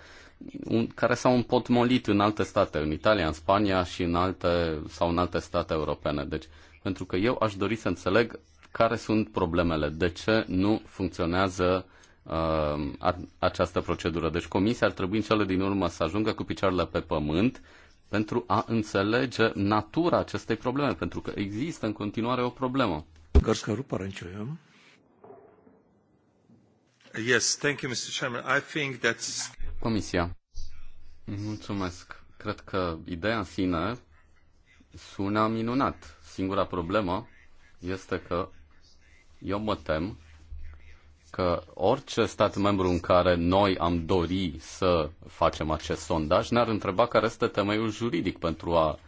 un, care s-au împotmolit în alte state, în Italia, în Spania și în alte, sau în alte state europene. Deci, pentru că eu aș dori să înțeleg care sunt problemele, de ce nu funcționează uh, această procedură. Deci comisia ar trebui în cele din urmă să ajungă cu picioarele pe pământ pentru a înțelege natura acestei probleme, pentru că există în continuare o problemă. Cărscăru Părâncioiu. Yes, thank you, Mr. Chairman. I think that's... Comisia. Mulțumesc. Cred că ideea în sine sună minunat. Singura problemă este că eu mă tem că orice stat membru în care noi am dori să facem acest sondaj ne-ar întreba care este temeiul juridic pentru a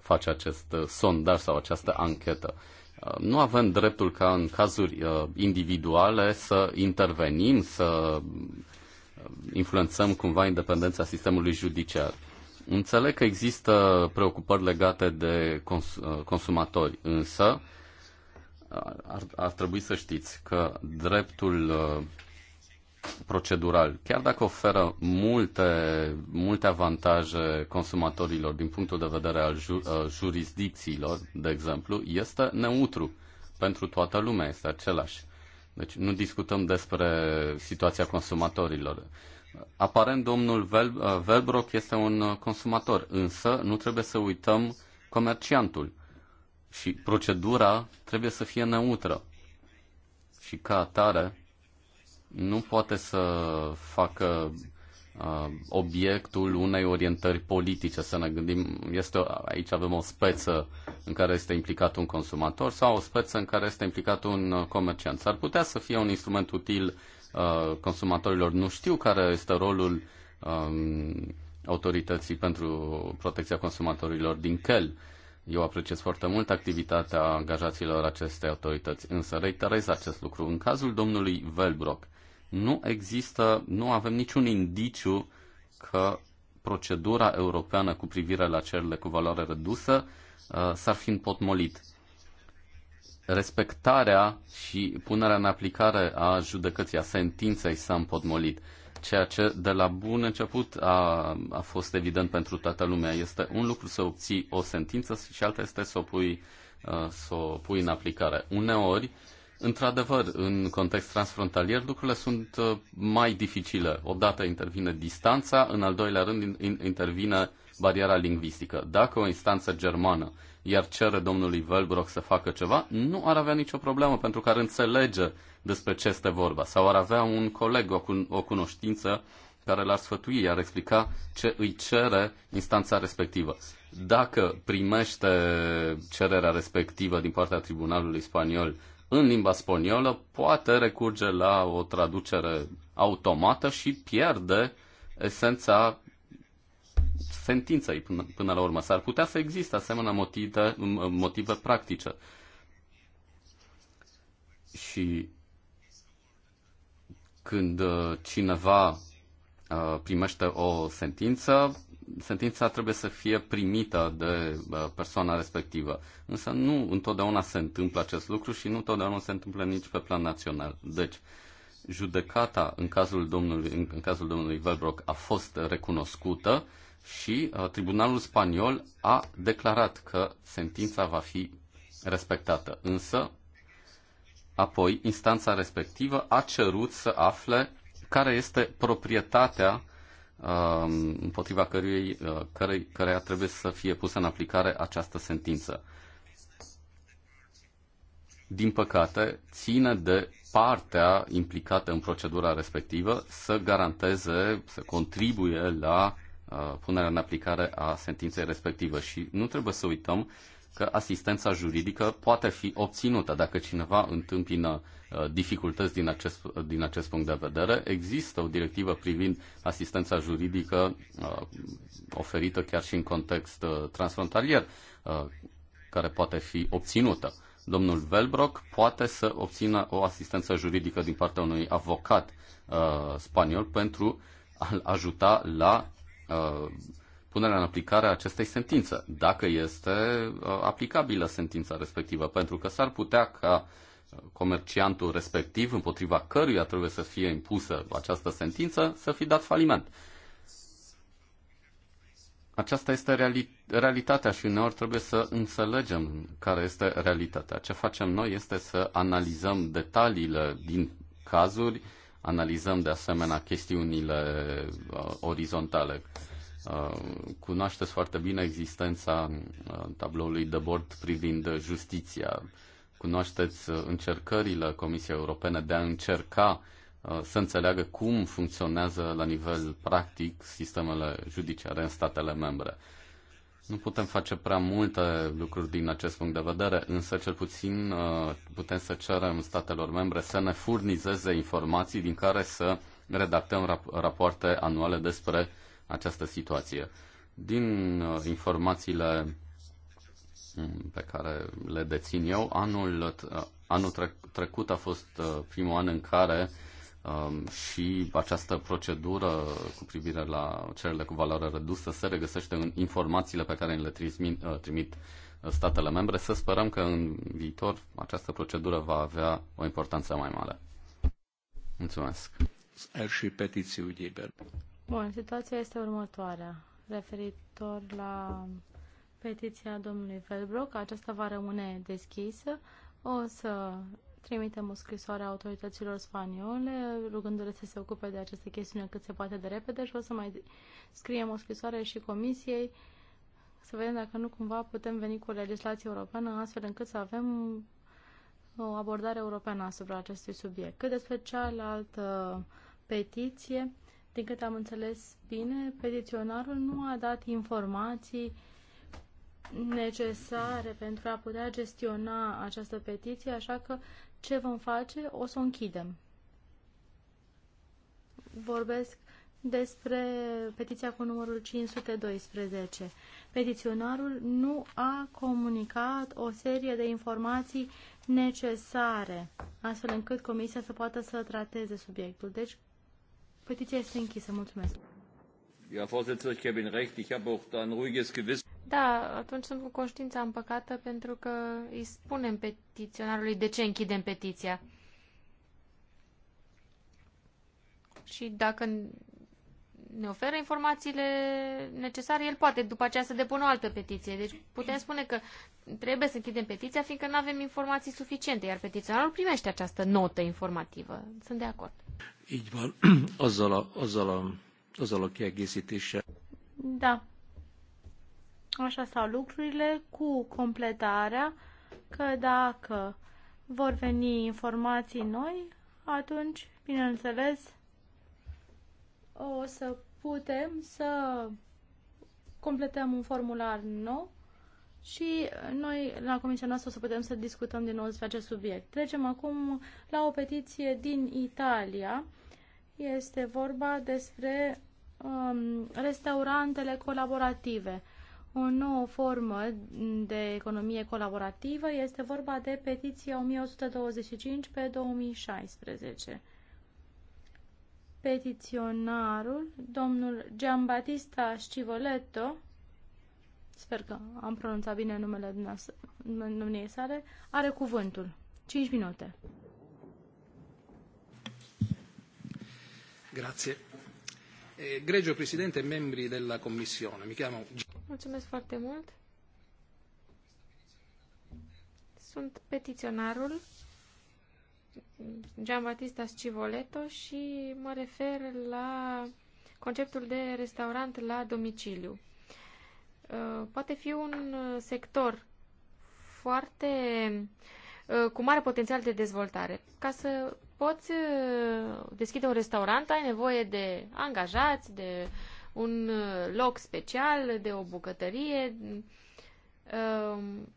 face acest uh, sondaj sau această anchetă. Uh, nu avem dreptul ca în cazuri uh, individuale să intervenim, să influențăm cumva independența sistemului judiciar. Înțeleg că există preocupări legate de consumatori, însă uh, ar, ar trebui să știți că dreptul uh, procedural, chiar dacă oferă multe, multe avantaje consumatorilor din punctul de vedere al ju, uh, jurisdicțiilor, de exemplu, este neutru pentru toată lumea, este același. Deci nu discutăm despre situația consumatorilor. Aparent, domnul Velbrock uh, este un consumator, însă nu trebuie să uităm comerciantul și procedura trebuie să fie neutră și ca atare nu poate să facă uh, obiectul unei orientări politice. Să ne gândim, este, aici avem o speță în care este implicat un consumator sau o speță în care este implicat un comerciant. S-ar putea să fie un instrument util uh, consumatorilor. Nu știu care este rolul um, autorității pentru protecția consumatorilor din CEL. Uh, eu apreciez foarte mult activitatea angajaților acestei autorități, însă reiterez acest lucru. În cazul domnului Velbrock, nu există, nu avem niciun indiciu că procedura europeană cu privire la cererile cu valoare redusă uh, s-ar fi împotmolit. Respectarea și punerea în aplicare a judecății, a sentinței s-a împotmolit ceea ce de la bun început a, a fost evident pentru toată lumea. Este un lucru să obții o sentință și alta este să o pui, să o pui în aplicare. Uneori, într-adevăr, în context transfrontalier, lucrurile sunt mai dificile. Odată intervine distanța, în al doilea rând intervine bariera lingvistică. Dacă o instanță germană iar cere domnului Velbrock să facă ceva, nu ar avea nicio problemă pentru că ar înțelege despre ce este vorba. Sau ar avea un coleg, o, cun- o cunoștință care l-ar sfătui, i-ar explica ce îi cere instanța respectivă. Dacă primește cererea respectivă din partea Tribunalului Spaniol în limba spaniolă, poate recurge la o traducere automată și pierde esența sentinței până, până la urmă. S-ar putea să existe asemenea motive, motive practice. Și când uh, cineva uh, primește o sentință, sentința trebuie să fie primită de uh, persoana respectivă. Însă nu întotdeauna se întâmplă acest lucru și nu întotdeauna se întâmplă nici pe plan național. Deci, judecata în cazul domnului, în, în cazul domnului Velbrock a fost recunoscută și uh, Tribunalul Spaniol a declarat că sentința va fi respectată. Însă, apoi, instanța respectivă a cerut să afle care este proprietatea um, uh, împotriva căruia uh, trebuie să fie pusă în aplicare această sentință. Din păcate, ține de partea implicată în procedura respectivă să garanteze, să contribuie la Uh, punerea în aplicare a sentinței respective și nu trebuie să uităm că asistența juridică poate fi obținută dacă cineva întâmpină uh, dificultăți din acest, uh, din acest punct de vedere. Există o directivă privind asistența juridică oferită chiar și în context transfrontalier care poate fi obținută. Domnul Velbrock poate să obțină o asistență juridică din partea unui avocat spaniol pentru a-l ajuta la Uh, punerea în aplicare a acestei sentințe, dacă este uh, aplicabilă sentința respectivă, pentru că s-ar putea ca comerciantul respectiv, împotriva căruia trebuie să fie impusă această sentință, să fi dat faliment. Aceasta este reali- realitatea și uneori trebuie să înțelegem care este realitatea. Ce facem noi este să analizăm detaliile din cazuri, analizăm de asemenea chestiunile uh, orizontale. Uh, cunoașteți foarte bine existența uh, tabloului de bord privind justiția. Cunoașteți uh, încercările Comisiei Europene de a încerca uh, să înțeleagă cum funcționează la nivel practic sistemele judiciare în statele membre. Uh, nu putem face prea multe lucruri din acest punct de vedere, însă cel puțin uh, putem să cerem statelor membre să ne furnizeze informații din care să redactăm rapoarte anuale despre această situație. Din uh, informațiile mm, pe care le dețin eu, anul, uh, anul trecut a fost primul an în care Um, și această procedură cu privire la cererile cu valoare redusă se regăsește în informațiile pe care le uh, trimit, trimit uh, statele membre. Să sperăm că în viitor această procedură va avea o importanță mai mare. Mulțumesc. Și petiții liber. Bun, situația este următoarea. Referitor la petiția domnului Felbrook, aceasta va rămâne deschisă. O să trimitem o scrisoare a autorităților spaniole, rugându-le să se ocupe de aceste chestiune cât se poate de repede și o să mai scriem o scrisoare și comisiei să vedem dacă nu cumva putem veni cu legislație europeană astfel încât să avem o abordare europeană asupra acestui subiect. Cât despre cealaltă petiție, din câte am înțeles bine, petiționarul nu a dat informații necesare pentru a putea gestiona această petiție, așa că ce vom face? O să o închidem. Vorbesc despre petiția cu numărul 512. Petiționarul nu a comunicat o serie de informații necesare, astfel încât comisia să poată să trateze subiectul. Deci, petiția este închisă. Mulțumesc. Ja, Vorsitzender, ich habe Ihnen recht. Ich habe auch da ein ruhiges Gewissen. Da, atunci sunt cu conștiința împăcată pentru că îi spunem petiționarului de ce închidem petiția. Și dacă ne oferă informațiile necesare, el poate după aceea să depună o altă petiție. Deci putem spune că trebuie să închidem petiția fiindcă nu avem informații suficiente, iar petiționarul primește această notă informativă. Sunt de acord. Így van, [CLEARS THROAT] azzal a, azzal a, azzal a Da, Așa stau lucrurile cu completarea că dacă vor veni informații noi, atunci, bineînțeles, o să putem să completăm un formular nou și noi, la comisia noastră, o să putem să discutăm din nou despre acest subiect. Trecem acum la o petiție din Italia. Este vorba despre um, restaurantele colaborative o nouă formă de economie colaborativă. Este vorba de petiția 1125 pe 2016. Petiționarul, domnul Giambattista Scivoletto, sper că am pronunțat bine numele dumneavoastră, sale, are cuvântul. 5 minute. Grazie. Egregio eh, Presidente e membri della Commissione, mi chiamo Mulțumesc foarte mult. Sunt petiționarul Gian Batista Scivoleto și mă refer la conceptul de restaurant la domiciliu. Uh, poate fi un sector foarte uh, cu mare potențial de dezvoltare. Ca să poți uh, deschide un restaurant, ai nevoie de angajați, de uh, un uh, loc special de o bucătărie. Um,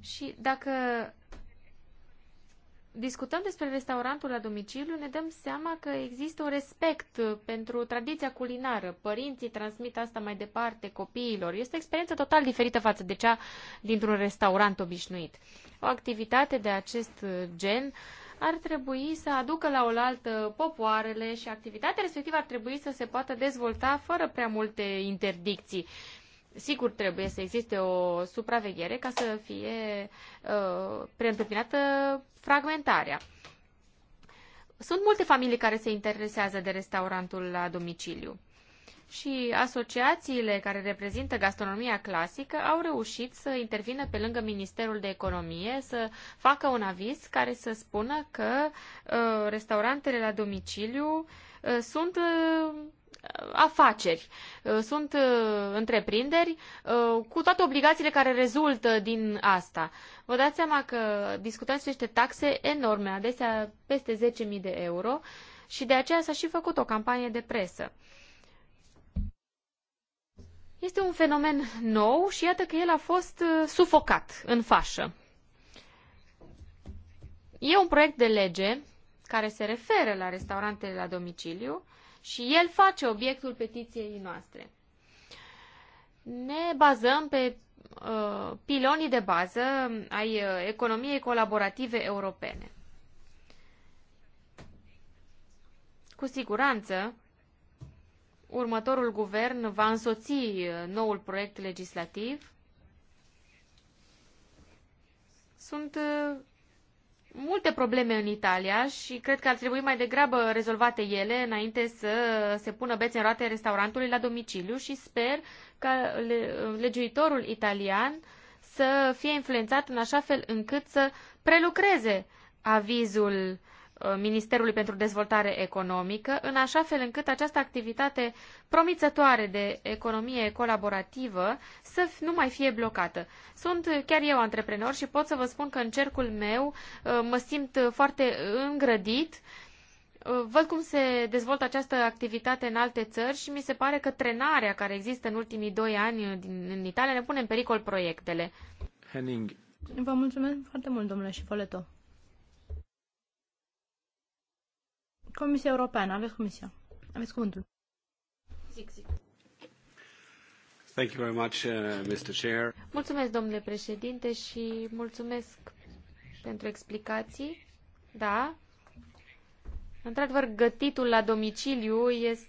și dacă discutăm despre restaurantul la domiciliu, ne dăm seama că există un respect pentru tradiția culinară. Părinții transmit asta mai departe copiilor. Este o experiență total diferită față de cea dintr-un restaurant obișnuit. O activitate de acest gen ar trebui să aducă la oaltă popoarele și activitatea respectivă ar trebui să se poată dezvolta fără prea multe interdicții sigur trebuie să existe o supraveghere ca să fie uh, preîntâmpinată fragmentarea. Sunt multe familii care se interesează de restaurantul la domiciliu și asociațiile care reprezintă gastronomia clasică au reușit să intervină pe lângă Ministerul de Economie să facă un aviz care să spună că uh, restaurantele la domiciliu uh, sunt uh, Uh, afaceri, uh, sunt uh, întreprinderi cu toate obligațiile care rezultă din asta. Vă dați seama că discutăm despre niște taxe enorme, adesea peste 10.000 de euro și de aceea s-a și făcut o campanie de presă. Este un fenomen nou și iată că el a fost sufocat în fașă. E un proiect de lege care se referă la restaurantele la domiciliu și el face obiectul petiției noastre. Ne bazăm pe uh, pilonii de bază ai uh, economiei colaborative europene. Cu siguranță, următorul guvern va însoți uh, noul proiect legislativ. Sunt uh, multe probleme în Italia și cred că ar trebui mai degrabă rezolvate ele înainte să se pună bețe în roate restaurantului la domiciliu și sper că legiuitorul italian să fie influențat în așa fel încât să prelucreze avizul Uh, Ministerului pentru Dezvoltare Economică, în așa fel încât această activitate promițătoare de economie colaborativă să nu mai fie blocată. Sunt chiar eu antreprenor și pot să vă spun că în cercul meu uh, mă simt foarte îngrădit. Uh, văd cum se dezvoltă această activitate în alte țări și mi se pare că trenarea care există în ultimii doi ani în Italia ne pune în pericol proiectele. Henning. Vă mulțumesc foarte mult, domnule Șifoleto. Comisia Europeană, aveți comisia. Aveți cuvântul. Zic, zic. Thank you very much, uh, Mr. Chair. Mulțumesc, domnule președinte, și mulțumesc pentru explicații. Da. Într-adevăr, gătitul la domiciliu este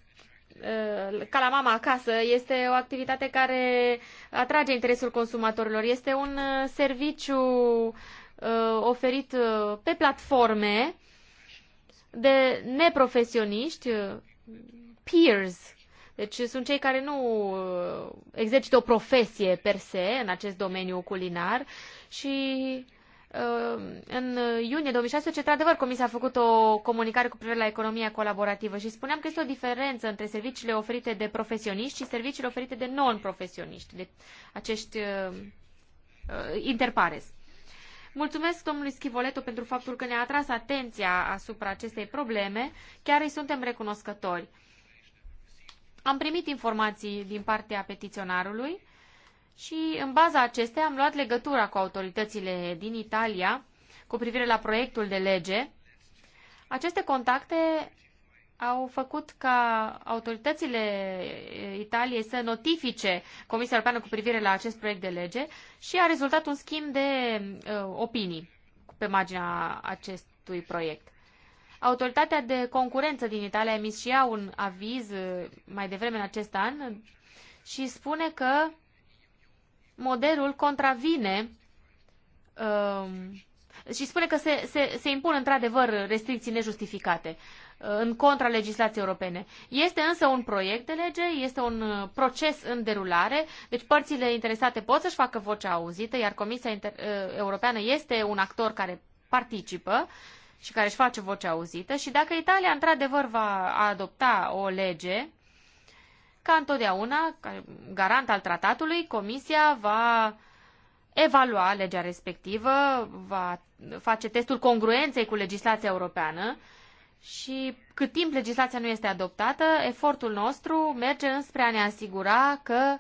uh, ca la mama acasă, este o activitate care atrage interesul consumatorilor. Este un uh, serviciu uh, oferit pe platforme de neprofesioniști, uh, peers, deci sunt cei care nu uh, exercită o profesie per se în acest domeniu culinar și uh, în iunie 2016, într-adevăr, Comisia a făcut o comunicare cu privire la economia colaborativă și spuneam că este o diferență între serviciile oferite de profesioniști și serviciile oferite de non-profesioniști, de acești uh, interpares. Mulțumesc domnului Schivoleto pentru faptul că ne-a atras atenția asupra acestei probleme. Chiar îi suntem recunoscători. Am primit informații din partea petiționarului și în baza acestea am luat legătura cu autoritățile din Italia cu privire la proiectul de lege. Aceste contacte au făcut ca autoritățile eh, Italiei să notifice Comisia Europeană cu privire la acest proiect de lege și a rezultat un schimb de uh, opinii pe marginea acestui proiect. Autoritatea de concurență din Italia a emis și ea un aviz eh, mai devreme în acest an și spune că modelul contravine uh, și spune că se, se, se impun într-adevăr restricții nejustificate în contra legislației europene. Este însă un proiect de lege, este un uh, proces în derulare, deci părțile interesate pot să-și facă vocea auzită, iar Comisia Inter- uh, Europeană este un actor care participă și care își face vocea auzită și dacă Italia într-adevăr va adopta o lege, ca întotdeauna, garant al tratatului, Comisia va evalua legea respectivă, va face testul congruenței cu legislația europeană și cât timp legislația nu este adoptată, efortul nostru merge înspre a ne asigura că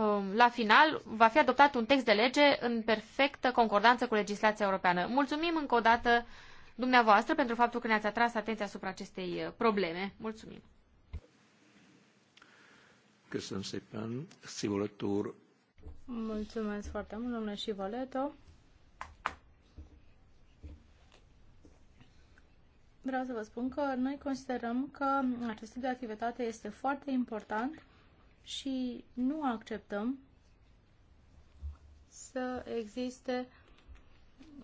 um, la final va fi adoptat un text de lege în perfectă concordanță cu legislația europeană. Mulțumim încă o dată dumneavoastră pentru faptul că ne-ați atras atenția asupra acestei uh, probleme. Mulțumim! Mulțumesc foarte mult, domnule Șivoleto. vreau să vă spun că noi considerăm că acest tip de activitate este foarte important și nu acceptăm să existe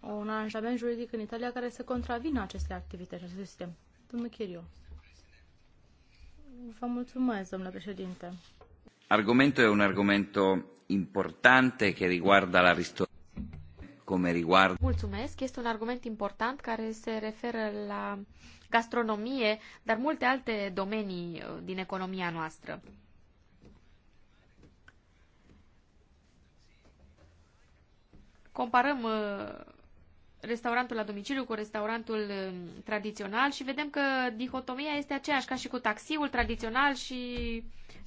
un aranjament juridic în Italia care să contravină aceste activități, acest sistem. Domnul Chirio. Vă mulțumesc, domnule președinte. Argumentul e un argument important care riguarda la ristorare come riguarda... Mulțumesc, este un argument important care se referă la gastronomie, dar multe alte domenii uh, din economia noastră. Comparăm uh, restaurantul la domiciliu cu restaurantul uh, tradițional și vedem că dihotomia este aceeași ca și cu taxiul tradițional și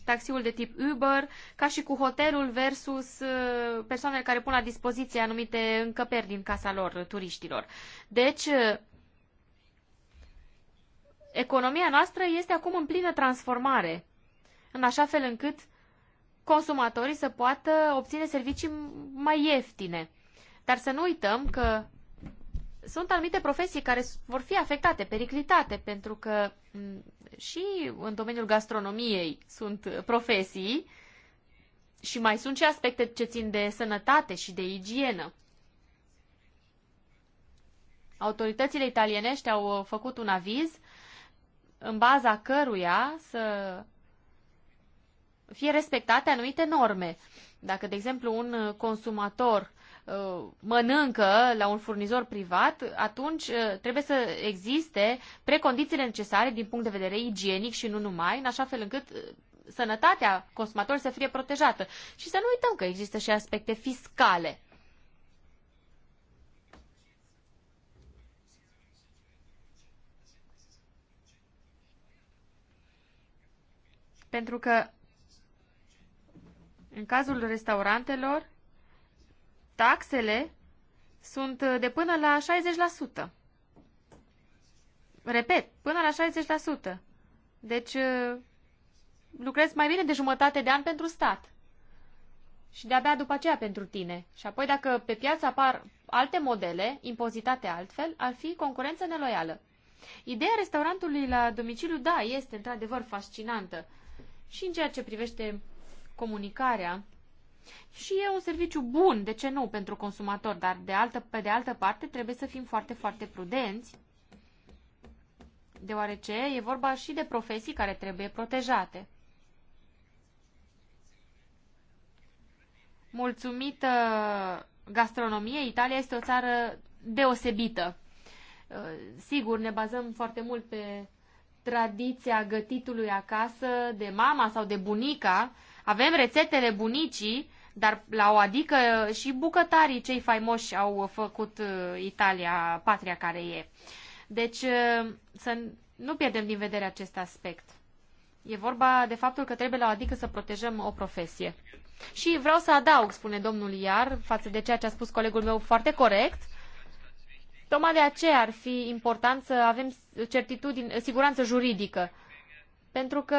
taxiul de tip Uber, ca și cu hotelul versus uh, persoanele care pun la dispoziție anumite încăperi din casa lor uh, turiștilor. Deci, uh, economia noastră este acum în plină transformare, în așa fel încât consumatorii să poată obține servicii mai ieftine. Dar să nu uităm că sunt anumite profesii care vor fi afectate, periclitate, pentru că și în domeniul gastronomiei sunt profesii și mai sunt și aspecte ce țin de sănătate și de igienă. Autoritățile italienești au uh, făcut un aviz în baza căruia să fie respectate anumite norme. Dacă, de exemplu, un uh, consumator Uh, mănâncă la un furnizor privat, atunci uh, trebuie să existe precondițiile necesare din punct de vedere igienic și nu numai, în așa fel încât uh, sănătatea consumatorului să fie protejată. Și să nu uităm că există și aspecte fiscale. Pentru că în cazul restaurantelor, taxele sunt uh, de până la 60%. Repet, până la 60%. Deci uh, lucrezi mai bine de jumătate de an pentru stat. Și de-abia după aceea pentru tine. Și apoi dacă pe piață apar alte modele, impozitate altfel, ar fi concurență neloială. Ideea restaurantului la domiciliu, da, este într-adevăr fascinantă. Și în ceea ce privește comunicarea și e un serviciu bun, de ce nu, pentru consumator, dar de altă, pe de altă parte trebuie să fim foarte, foarte prudenți, deoarece e vorba și de profesii care trebuie protejate. Mulțumită gastronomiei, Italia este o țară deosebită. Uh, sigur, ne bazăm foarte mult pe tradiția gătitului acasă de mama sau de bunica. Avem rețetele bunicii dar la o adică și bucătarii cei faimoși au făcut uh, Italia patria care e. Deci uh, să nu pierdem din vedere acest aspect. E vorba de faptul că trebuie la o adică să protejăm o profesie. Și vreau să adaug, spune domnul Iar, față de ceea ce a spus colegul meu foarte corect, tocmai de aceea ar fi important să avem certitudine, siguranță juridică. Pentru că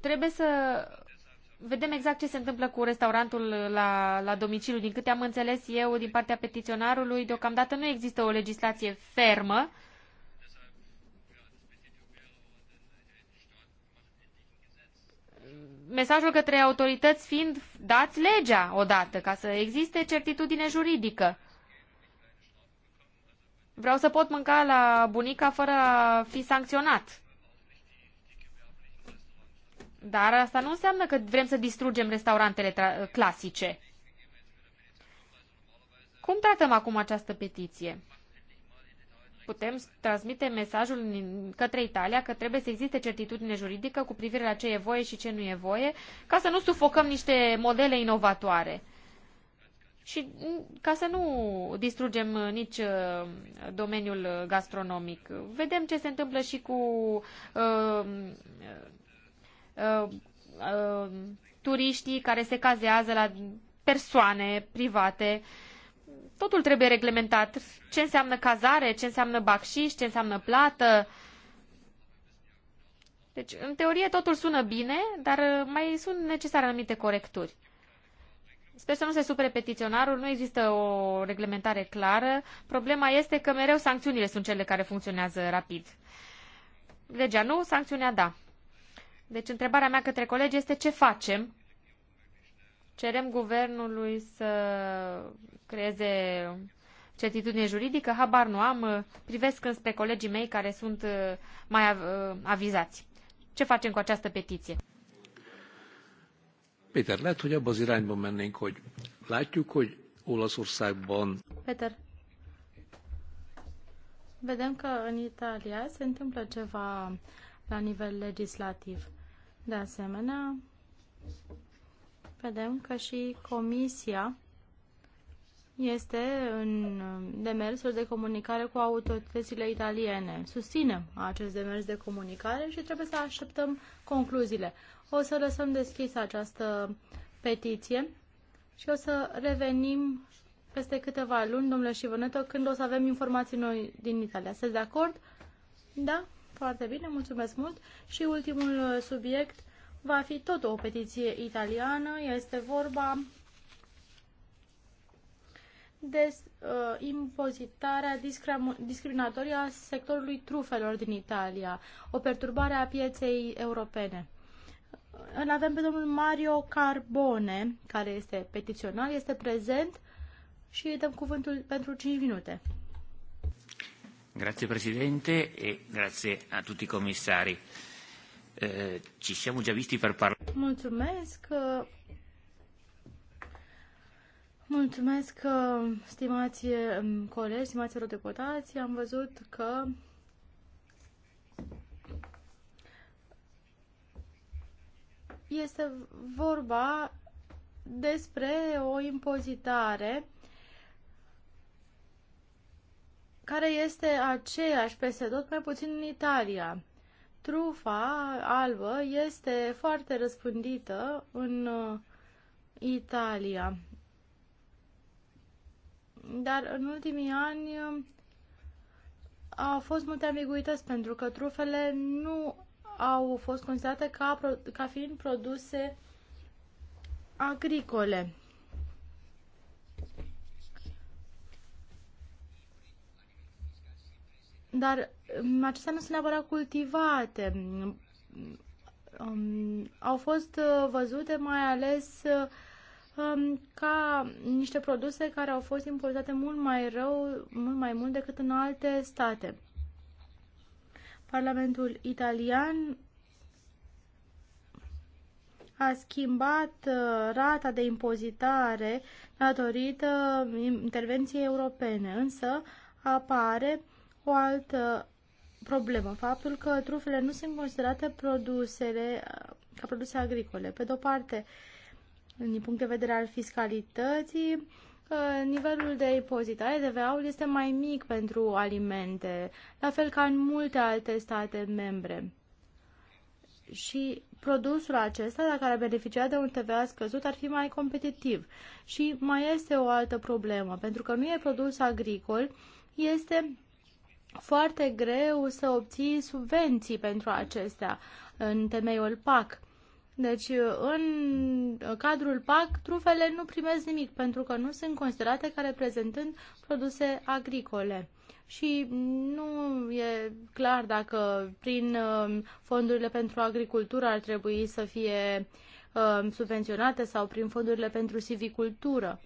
Trebuie să vedem exact ce se întâmplă cu restaurantul la, la domiciliu. Din câte am înțeles eu din partea petiționarului, deocamdată nu există o legislație fermă. Mesajul către autorități fiind dați legea odată, ca să existe certitudine juridică. Vreau să pot mânca la bunica fără a fi sancționat. Dar asta nu înseamnă că vrem să distrugem restaurantele clasice. Cum tratăm acum această petiție? Putem transmite mesajul către Italia că trebuie să existe certitudine juridică cu privire la ce e voie și ce nu e voie, ca să nu sufocăm niște modele inovatoare și ca să nu distrugem nici uh, domeniul gastronomic. Vedem ce se întâmplă și cu uh, Uh, uh, turiștii care se cazează la persoane private. Totul trebuie reglementat. Ce înseamnă cazare, ce înseamnă baxiș, ce înseamnă plată. Deci, în teorie, totul sună bine, dar uh, mai sunt necesare anumite corecturi. Sper să nu se supere petiționarul, nu există o reglementare clară. Problema este că mereu sancțiunile sunt cele care funcționează rapid. Legea nu, sancțiunea da. Deci întrebarea mea către colegi este ce facem? Cerem guvernului să creeze certitudine juridică, habar nu am, privesc înspre colegii mei care sunt uh, mai uh, avizați. Ce facem cu această petiție? Peter, lehet, hogy abba az irányba mennénk, hogy látjuk, hogy Olaszországban... Peter, vedem că în Italia se întâmplă ceva la nivel legislativ. De asemenea, vedem că și Comisia este în demersul de comunicare cu autoritățile italiene. Susținem acest demers de comunicare și trebuie să așteptăm concluziile. O să lăsăm deschisă această petiție și o să revenim peste câteva luni, domnule Șivăneto, când o să avem informații noi din Italia. Sunteți de acord? Da? Foarte bine, mulțumesc mult. Și ultimul uh, subiect va fi tot o petiție italiană. Este vorba de uh, impozitarea discriminatorie a sectorului trufelor din Italia, o perturbare a pieței europene. Îl avem pe domnul Mario Carbone, care este petițional, este prezent și îi dăm cuvântul pentru 5 minute. Grazie Presidente e grazie a tutti i commissari. Eh, ci siamo già visti per parlare. Mulțumesc. Eh, mulțumesc, eh, stimați ehm, colegi, stimați eurodeputați. Am văzut că este vorba despre o impozitare care este aceeași peste tot, mai puțin în Italia. Trufa albă este foarte răspândită în uh, Italia. Dar în ultimii ani uh, au fost multe ambiguități pentru că trufele nu au fost considerate ca, ca fiind produse agricole. Dar mm, acestea nu sunt neapărat cultivate. Um, au fost uh, văzute mai ales uh, um, ca niște produse care au fost importate mult mai rău, mult mai mult decât în alte state. Parlamentul italian a schimbat uh, rata de impozitare datorită intervenției europene, însă apare o altă problemă, faptul că trufele nu sunt considerate produsele, ca produse agricole. Pe de-o parte, din punct de vedere al fiscalității, nivelul de impozitare de ul este mai mic pentru alimente, la fel ca în multe alte state membre. Și produsul acesta, dacă ar beneficia de un TVA scăzut, ar fi mai competitiv. Și mai este o altă problemă, pentru că nu e produs agricol, este foarte greu să obții subvenții pentru acestea în temeiul PAC. Deci, în cadrul PAC, trufele nu primesc nimic pentru că nu sunt considerate ca reprezentând produse agricole. Și nu e clar dacă prin um, fondurile pentru agricultură ar trebui să fie um, subvenționate sau prin fondurile pentru civicultură.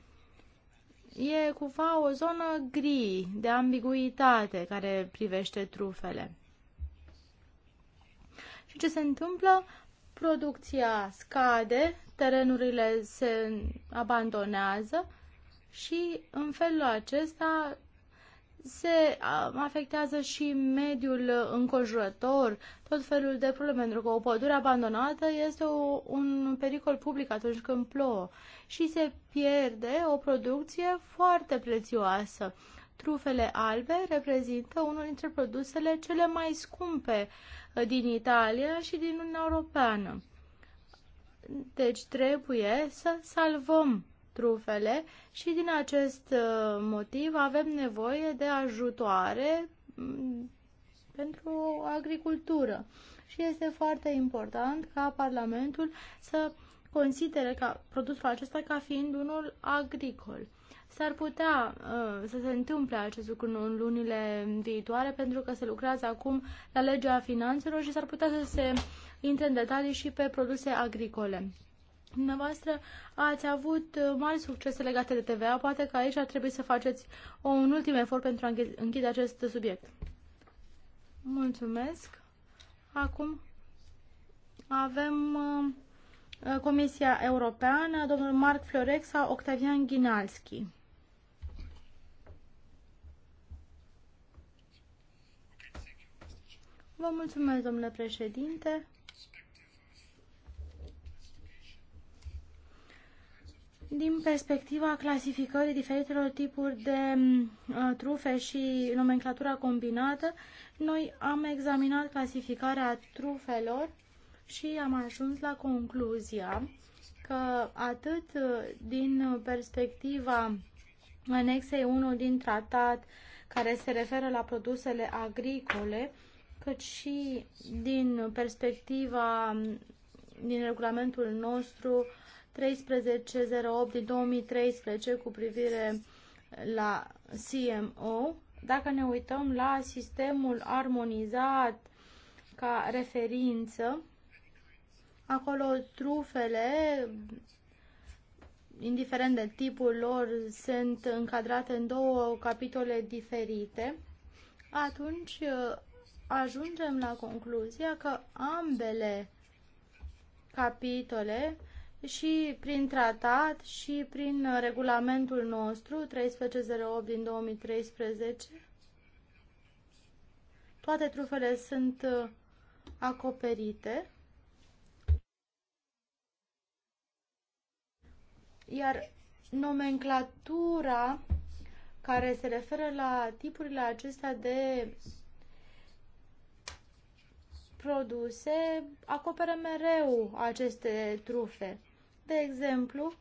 E cumva o zonă gri, de ambiguitate, care privește trufele. Și ce se întâmplă? Producția scade, terenurile se abandonează și în felul acesta se afectează și mediul înconjurător, tot felul de probleme, pentru că o pădure abandonată este o, un pericol public atunci când plouă și se pierde o producție foarte prețioasă. Trufele albe reprezintă unul dintre produsele cele mai scumpe din Italia și din Uniunea Europeană. Deci trebuie să salvăm trufele și din acest uh, motiv avem nevoie de ajutoare mm, pentru agricultură. Și este foarte important ca Parlamentul să considere ca produsul acesta ca fiind unul agricol. S-ar putea uh, să se întâmple acest lucru în lunile viitoare, pentru că se lucrează acum la legea finanțelor și s-ar putea să se intre în detalii și pe produse agricole. Dumneavoastră ați avut uh, mari succese legate de TVA, poate că aici ar trebui să faceți un ultim efort pentru a închide acest subiect. Mulțumesc. Acum avem uh, Comisia Europeană, domnul Marc sau Octavian Ghinalski. Vă mulțumesc, domnule președinte. Din perspectiva clasificării diferitelor tipuri de mm, uh, trufe și nomenclatura combinată, noi am examinat clasificarea trufelor și am ajuns la concluzia că atât din perspectiva anexei 1 din tratat care se referă la produsele agricole, cât și din perspectiva mm, din regulamentul nostru 1308 din 2013 cu privire la CMO, dacă ne uităm la sistemul armonizat ca referință, acolo trufele, indiferent de tipul lor, sunt încadrate în două capitole diferite, atunci uh, ajungem la concluzia că ambele capitole și prin tratat și prin uh, regulamentul nostru 1308 din 2013. Toate trufele sunt uh, acoperite. Iar nomenclatura care se referă la tipurile acestea de produse acoperă mereu aceste trufe. De exemplu,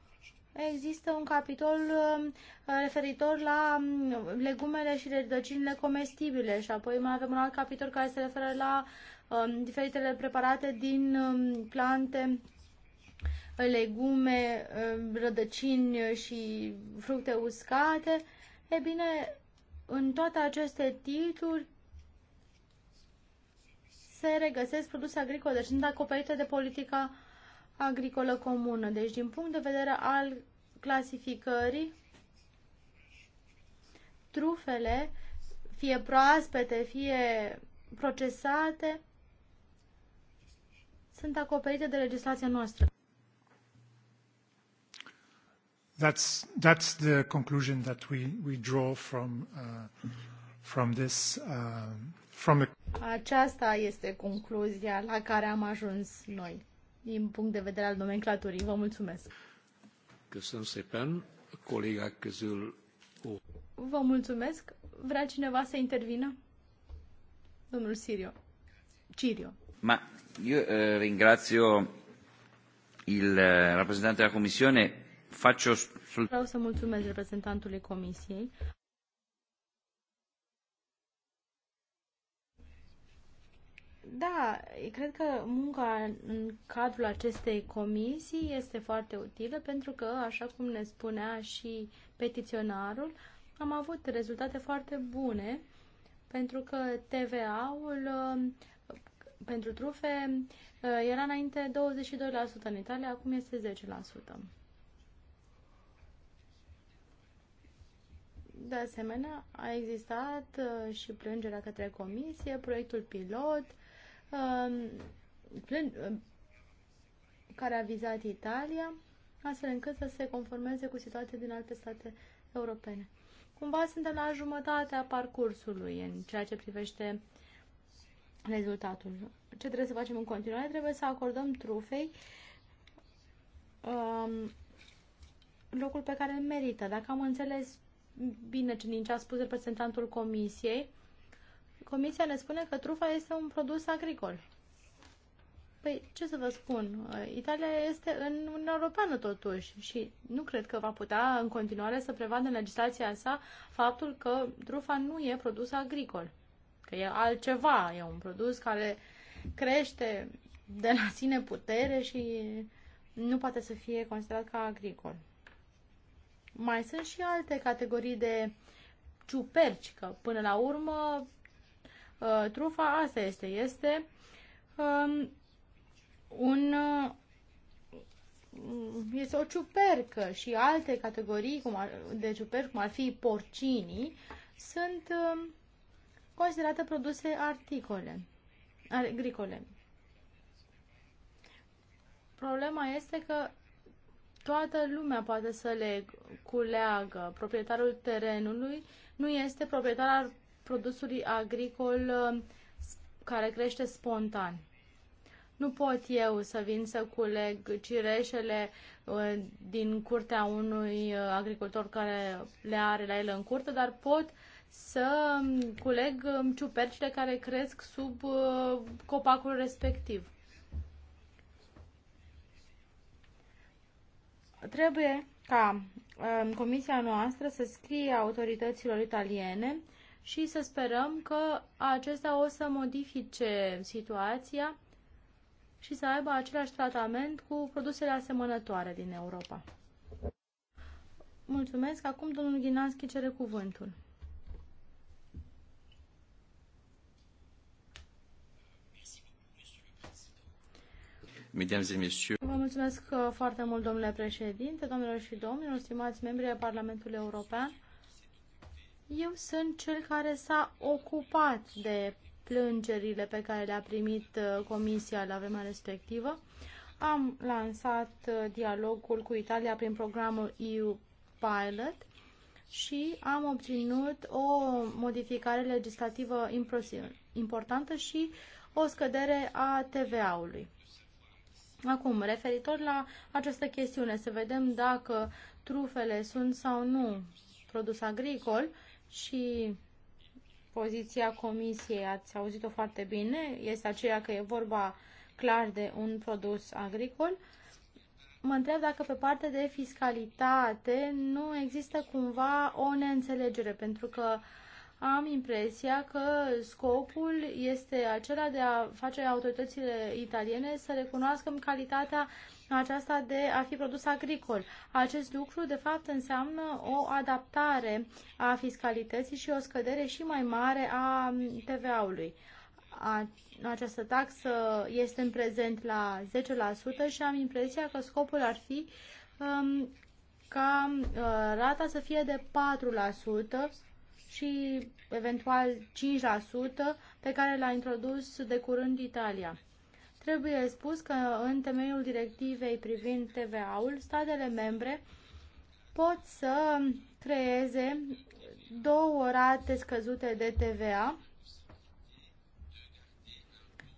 există un capitol um, referitor la um, legumele și rădăcinile comestibile și apoi mai avem un alt capitol care se referă la um, diferitele preparate din plante, legume, rădăcini și fructe uscate. E bine, în toate aceste titluri se regăsesc produse agricole, deci sunt acoperite de politica agricolă comună. Deci, din punct de vedere al clasificării, trufele, fie proaspete, fie procesate, sunt acoperite de legislația noastră. That's, that's the conclusion that we, we draw from, uh, from this uh, Aceasta este concluzia la care am ajuns noi din punct de vedere al nomenclaturii. Vă mulțumesc! Köszönöm szépen! Kollégák közül... Vă mulțumesc! Vrea cineva să intervină? Domnul Sirio. Cirio. Ma io eh, ringrazio il eh, rappresentante della Commissione. Faccio sul... Vreau să mulțumesc reprezentantului Comisiei. Da, cred că munca în cadrul acestei comisii este foarte utilă pentru că, așa cum ne spunea și petiționarul, am avut rezultate foarte bune pentru că TVA-ul um, pentru trufe uh, era înainte 22% în Italia, acum este 10%. De asemenea, a existat uh, și plângerea către comisie, proiectul pilot Um, um, care a vizat Italia, astfel încât să se conformeze cu situația din alte state europene. Cumva suntem la jumătatea parcursului în ceea ce privește rezultatul. Ce trebuie să facem în continuare? Trebuie să acordăm trufei um, locul pe care îl merită. Dacă am înțeles bine ce din ce a spus reprezentantul comisiei, Comisia ne spune că trufa este un produs agricol. Păi, ce să vă spun, Italia este în Uniunea Europeană totuși și nu cred că va putea în continuare să prevadă în legislația sa faptul că trufa nu e produs agricol, că e altceva, e un produs care crește de la sine putere și nu poate să fie considerat ca agricol. Mai sunt și alte categorii de ciuperci, că până la urmă Uh, trufa asta este. Este um, un uh, este o ciupercă și alte categorii cum ar, de ciuperci, cum ar fi porcinii, sunt um, considerate produse articole, agricole. Problema este că toată lumea poate să le culeagă. Proprietarul terenului nu este proprietar al produsul agricol um, care crește spontan. Nu pot eu să vin să culeg cireșele uh, din curtea unui uh, agricultor care le are la el în curte, dar pot să um, culeg um, ciupercile care cresc sub uh, copacul respectiv. Trebuie ca comisia noastră să scrie autorităților italiene și să sperăm că acesta o să modifice situația și să aibă același tratament cu produsele asemănătoare din Europa. Mulțumesc. Acum domnul Ghinanschi cere cuvântul. Vă mulțumesc uh, foarte mult, domnule președinte, domnilor și domnilor, stimați membri ai Parlamentului European. Eu sunt cel care s-a ocupat de plângerile pe care le-a primit uh, Comisia la vremea respectivă. Am lansat uh, dialogul cu Italia prin programul EU Pilot și am obținut o modificare legislativă importantă și o scădere a TVA-ului. Acum, referitor la această chestiune, să vedem dacă trufele sunt sau nu produs agricol, uh, și poziția comisiei, ați auzit-o foarte bine, este aceea că e vorba clar de un produs agricol. Mă întreb dacă pe partea de fiscalitate nu există cumva o neînțelegere, pentru că am impresia că scopul este acela de a face autoritățile italiene să recunoască calitatea aceasta de a fi produs agricol. Acest lucru, de fapt, înseamnă o adaptare a fiscalității și o scădere și mai mare a TVA-ului. Această taxă este în prezent la 10% și am impresia că scopul ar fi um, ca uh, rata să fie de 4% și eventual 5% pe care l-a introdus de curând Italia. Trebuie spus că în temeiul directivei privind TVA-ul, statele membre pot să creeze două rate scăzute de TVA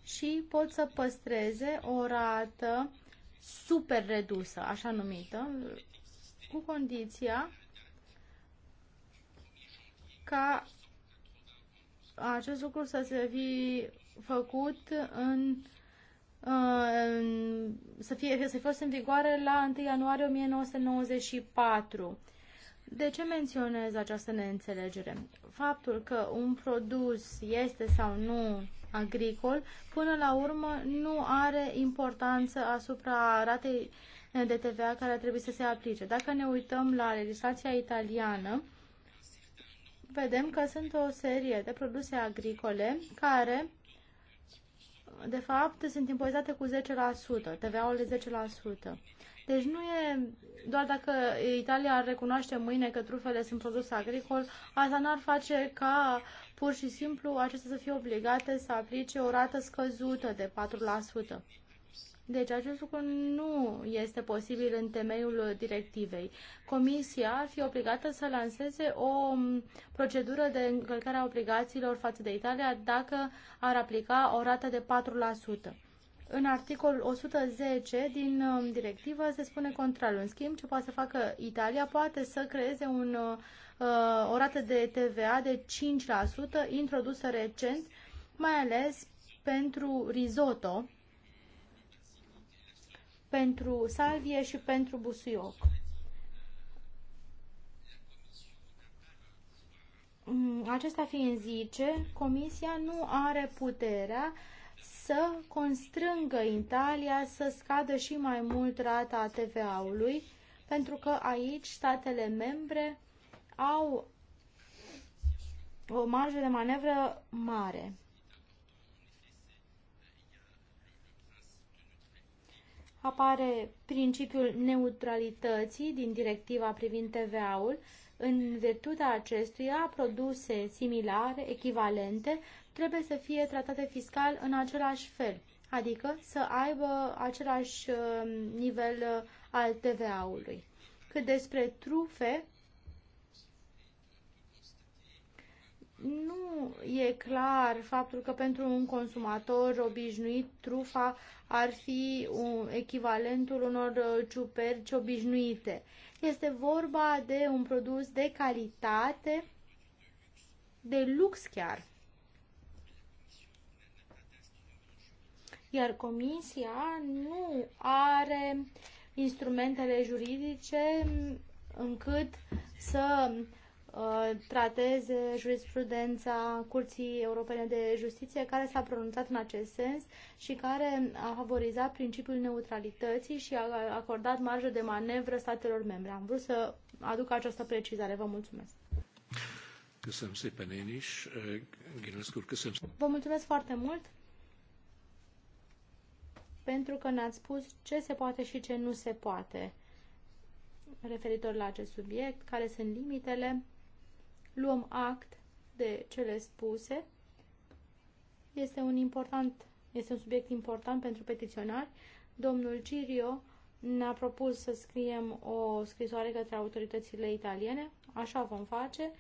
și pot să păstreze o rată super redusă, așa numită, cu condiția ca acest lucru să se fi făcut în Uh, să fie să fost în vigoare la 1 ianuarie 1994. De ce menționez această neînțelegere? Faptul că un produs este sau nu agricol, până la urmă nu are importanță asupra ratei de TVA care trebuie să se aplice. Dacă ne uităm la legislația italiană, vedem că sunt o serie de produse agricole care de fapt, sunt impozitate cu 10%, TVA-ul de 10%. Deci nu e doar dacă Italia ar recunoaște mâine că trufele sunt produs agricol, asta n-ar face ca pur și simplu acestea să fie obligate să aplice o rată scăzută de 4%. Deci acest lucru nu este posibil în temeiul directivei. Comisia ar fi obligată să lanseze o procedură de încălcare a obligațiilor față de Italia dacă ar aplica o rată de 4%. În articolul 110 din um, directivă se spune contrarul. În schimb, ce poate să facă Italia poate să creeze un, uh, o rată de TVA de 5% introdusă recent, mai ales pentru risotto, pentru salvie și pentru busuioc. Mm, acesta fiind zice, Comisia nu are puterea să constrângă Italia să scadă și mai mult rata TVA-ului, pentru că aici statele membre au o marjă de manevră mare. apare principiul neutralității din directiva privind TVA-ul. În virtutea acestuia, produse similare, echivalente, trebuie să fie tratate fiscal în același fel, adică să aibă același uh, nivel uh, al TVA-ului. Cât despre trufe, nu e clar faptul că pentru un consumator obișnuit trufa ar fi un, echivalentul unor uh, ciuperci obișnuite. Este vorba de un produs de calitate, de lux chiar. Iar comisia nu are instrumentele juridice încât să Uh, trateze jurisprudența Curții Europene de Justiție care s-a pronunțat în acest sens și care a favorizat principiul neutralității și a acordat marjă de manevră statelor membre. Am vrut să aduc această precizare. Vă mulțumesc. Eh, Vă mulțumesc foarte mult pentru că ne-ați spus ce se poate și ce nu se poate referitor la acest subiect, care sunt limitele luăm act de cele spuse. Este un, important, este un subiect important pentru petiționari. Domnul Cirio ne-a propus să scriem o scrisoare către autoritățile italiene, așa vom face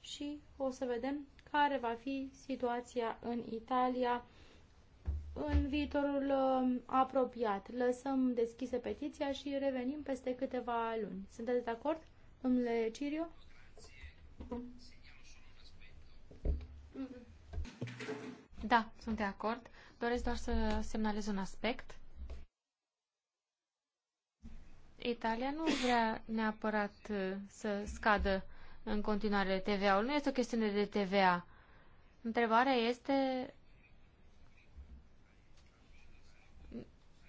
și o să vedem care va fi situația în Italia în viitorul um, apropiat. Lăsăm deschise petiția și revenim peste câteva luni. Sunteți de acord, domnule Cirio? Da, sunt de acord. Doresc doar să semnalez un aspect. Italia nu vrea neapărat uh, să scadă în continuare TVA-ul. Nu este o chestiune de TVA. Întrebarea este...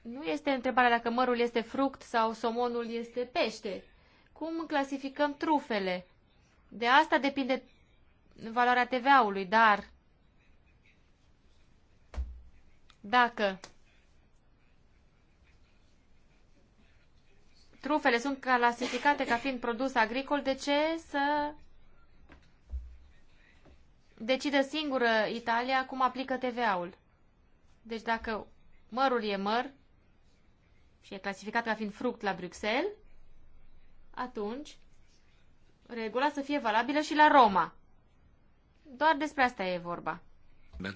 Nu este întrebarea dacă mărul este fruct sau somonul este pește. Cum clasificăm trufele? De asta depinde valoarea TVA-ului, dar dacă trufele sunt clasificate ca fiind produs agricol, de ce să decide singură Italia cum aplică TVA-ul? Deci dacă mărul e măr și e clasificat ca fiind fruct la Bruxelles, atunci regula să fie valabilă și la Roma. Doar despre asta e vorba.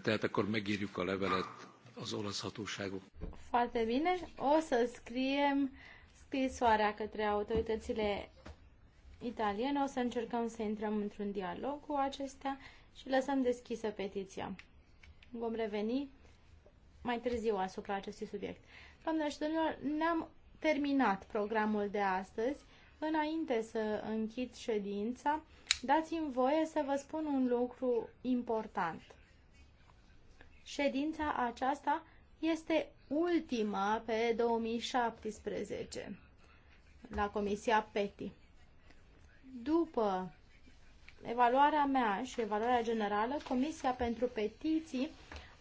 Tehát akkor megírjuk a levelet az olasz hatóságok. Foarte bine, o să scriem scrisoarea către autoritățile italiene, o să încercăm să intrăm într-un dialog cu acestea și lăsăm deschisă petiția. Vom reveni mai târziu asupra acestui subiect. Doamnelor și domnilor, ne-am terminat programul de astăzi. Înainte să închid ședința, dați-mi voie să vă spun un lucru important. Ședința aceasta este ultima pe 2017 la Comisia PETI. După evaluarea mea și evaluarea generală, Comisia pentru Petiții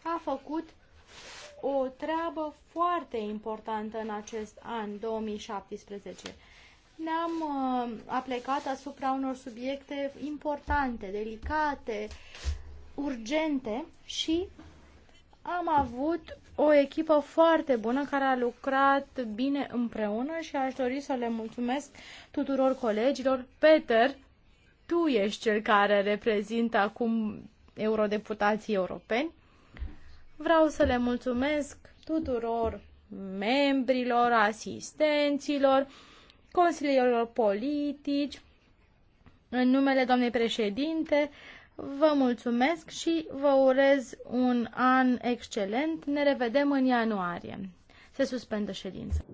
a făcut o treabă foarte importantă în acest an 2017 ne-am uh, aplecat asupra unor subiecte importante, delicate, urgente și am avut o echipă foarte bună care a lucrat bine împreună și aș dori să le mulțumesc tuturor colegilor. Peter, tu ești cel care reprezintă acum eurodeputații europeni. Vreau să le mulțumesc tuturor membrilor, asistenților, consilierilor politici, în numele doamnei președinte, vă mulțumesc și vă urez un an excelent. Ne revedem în ianuarie. Se suspendă ședința.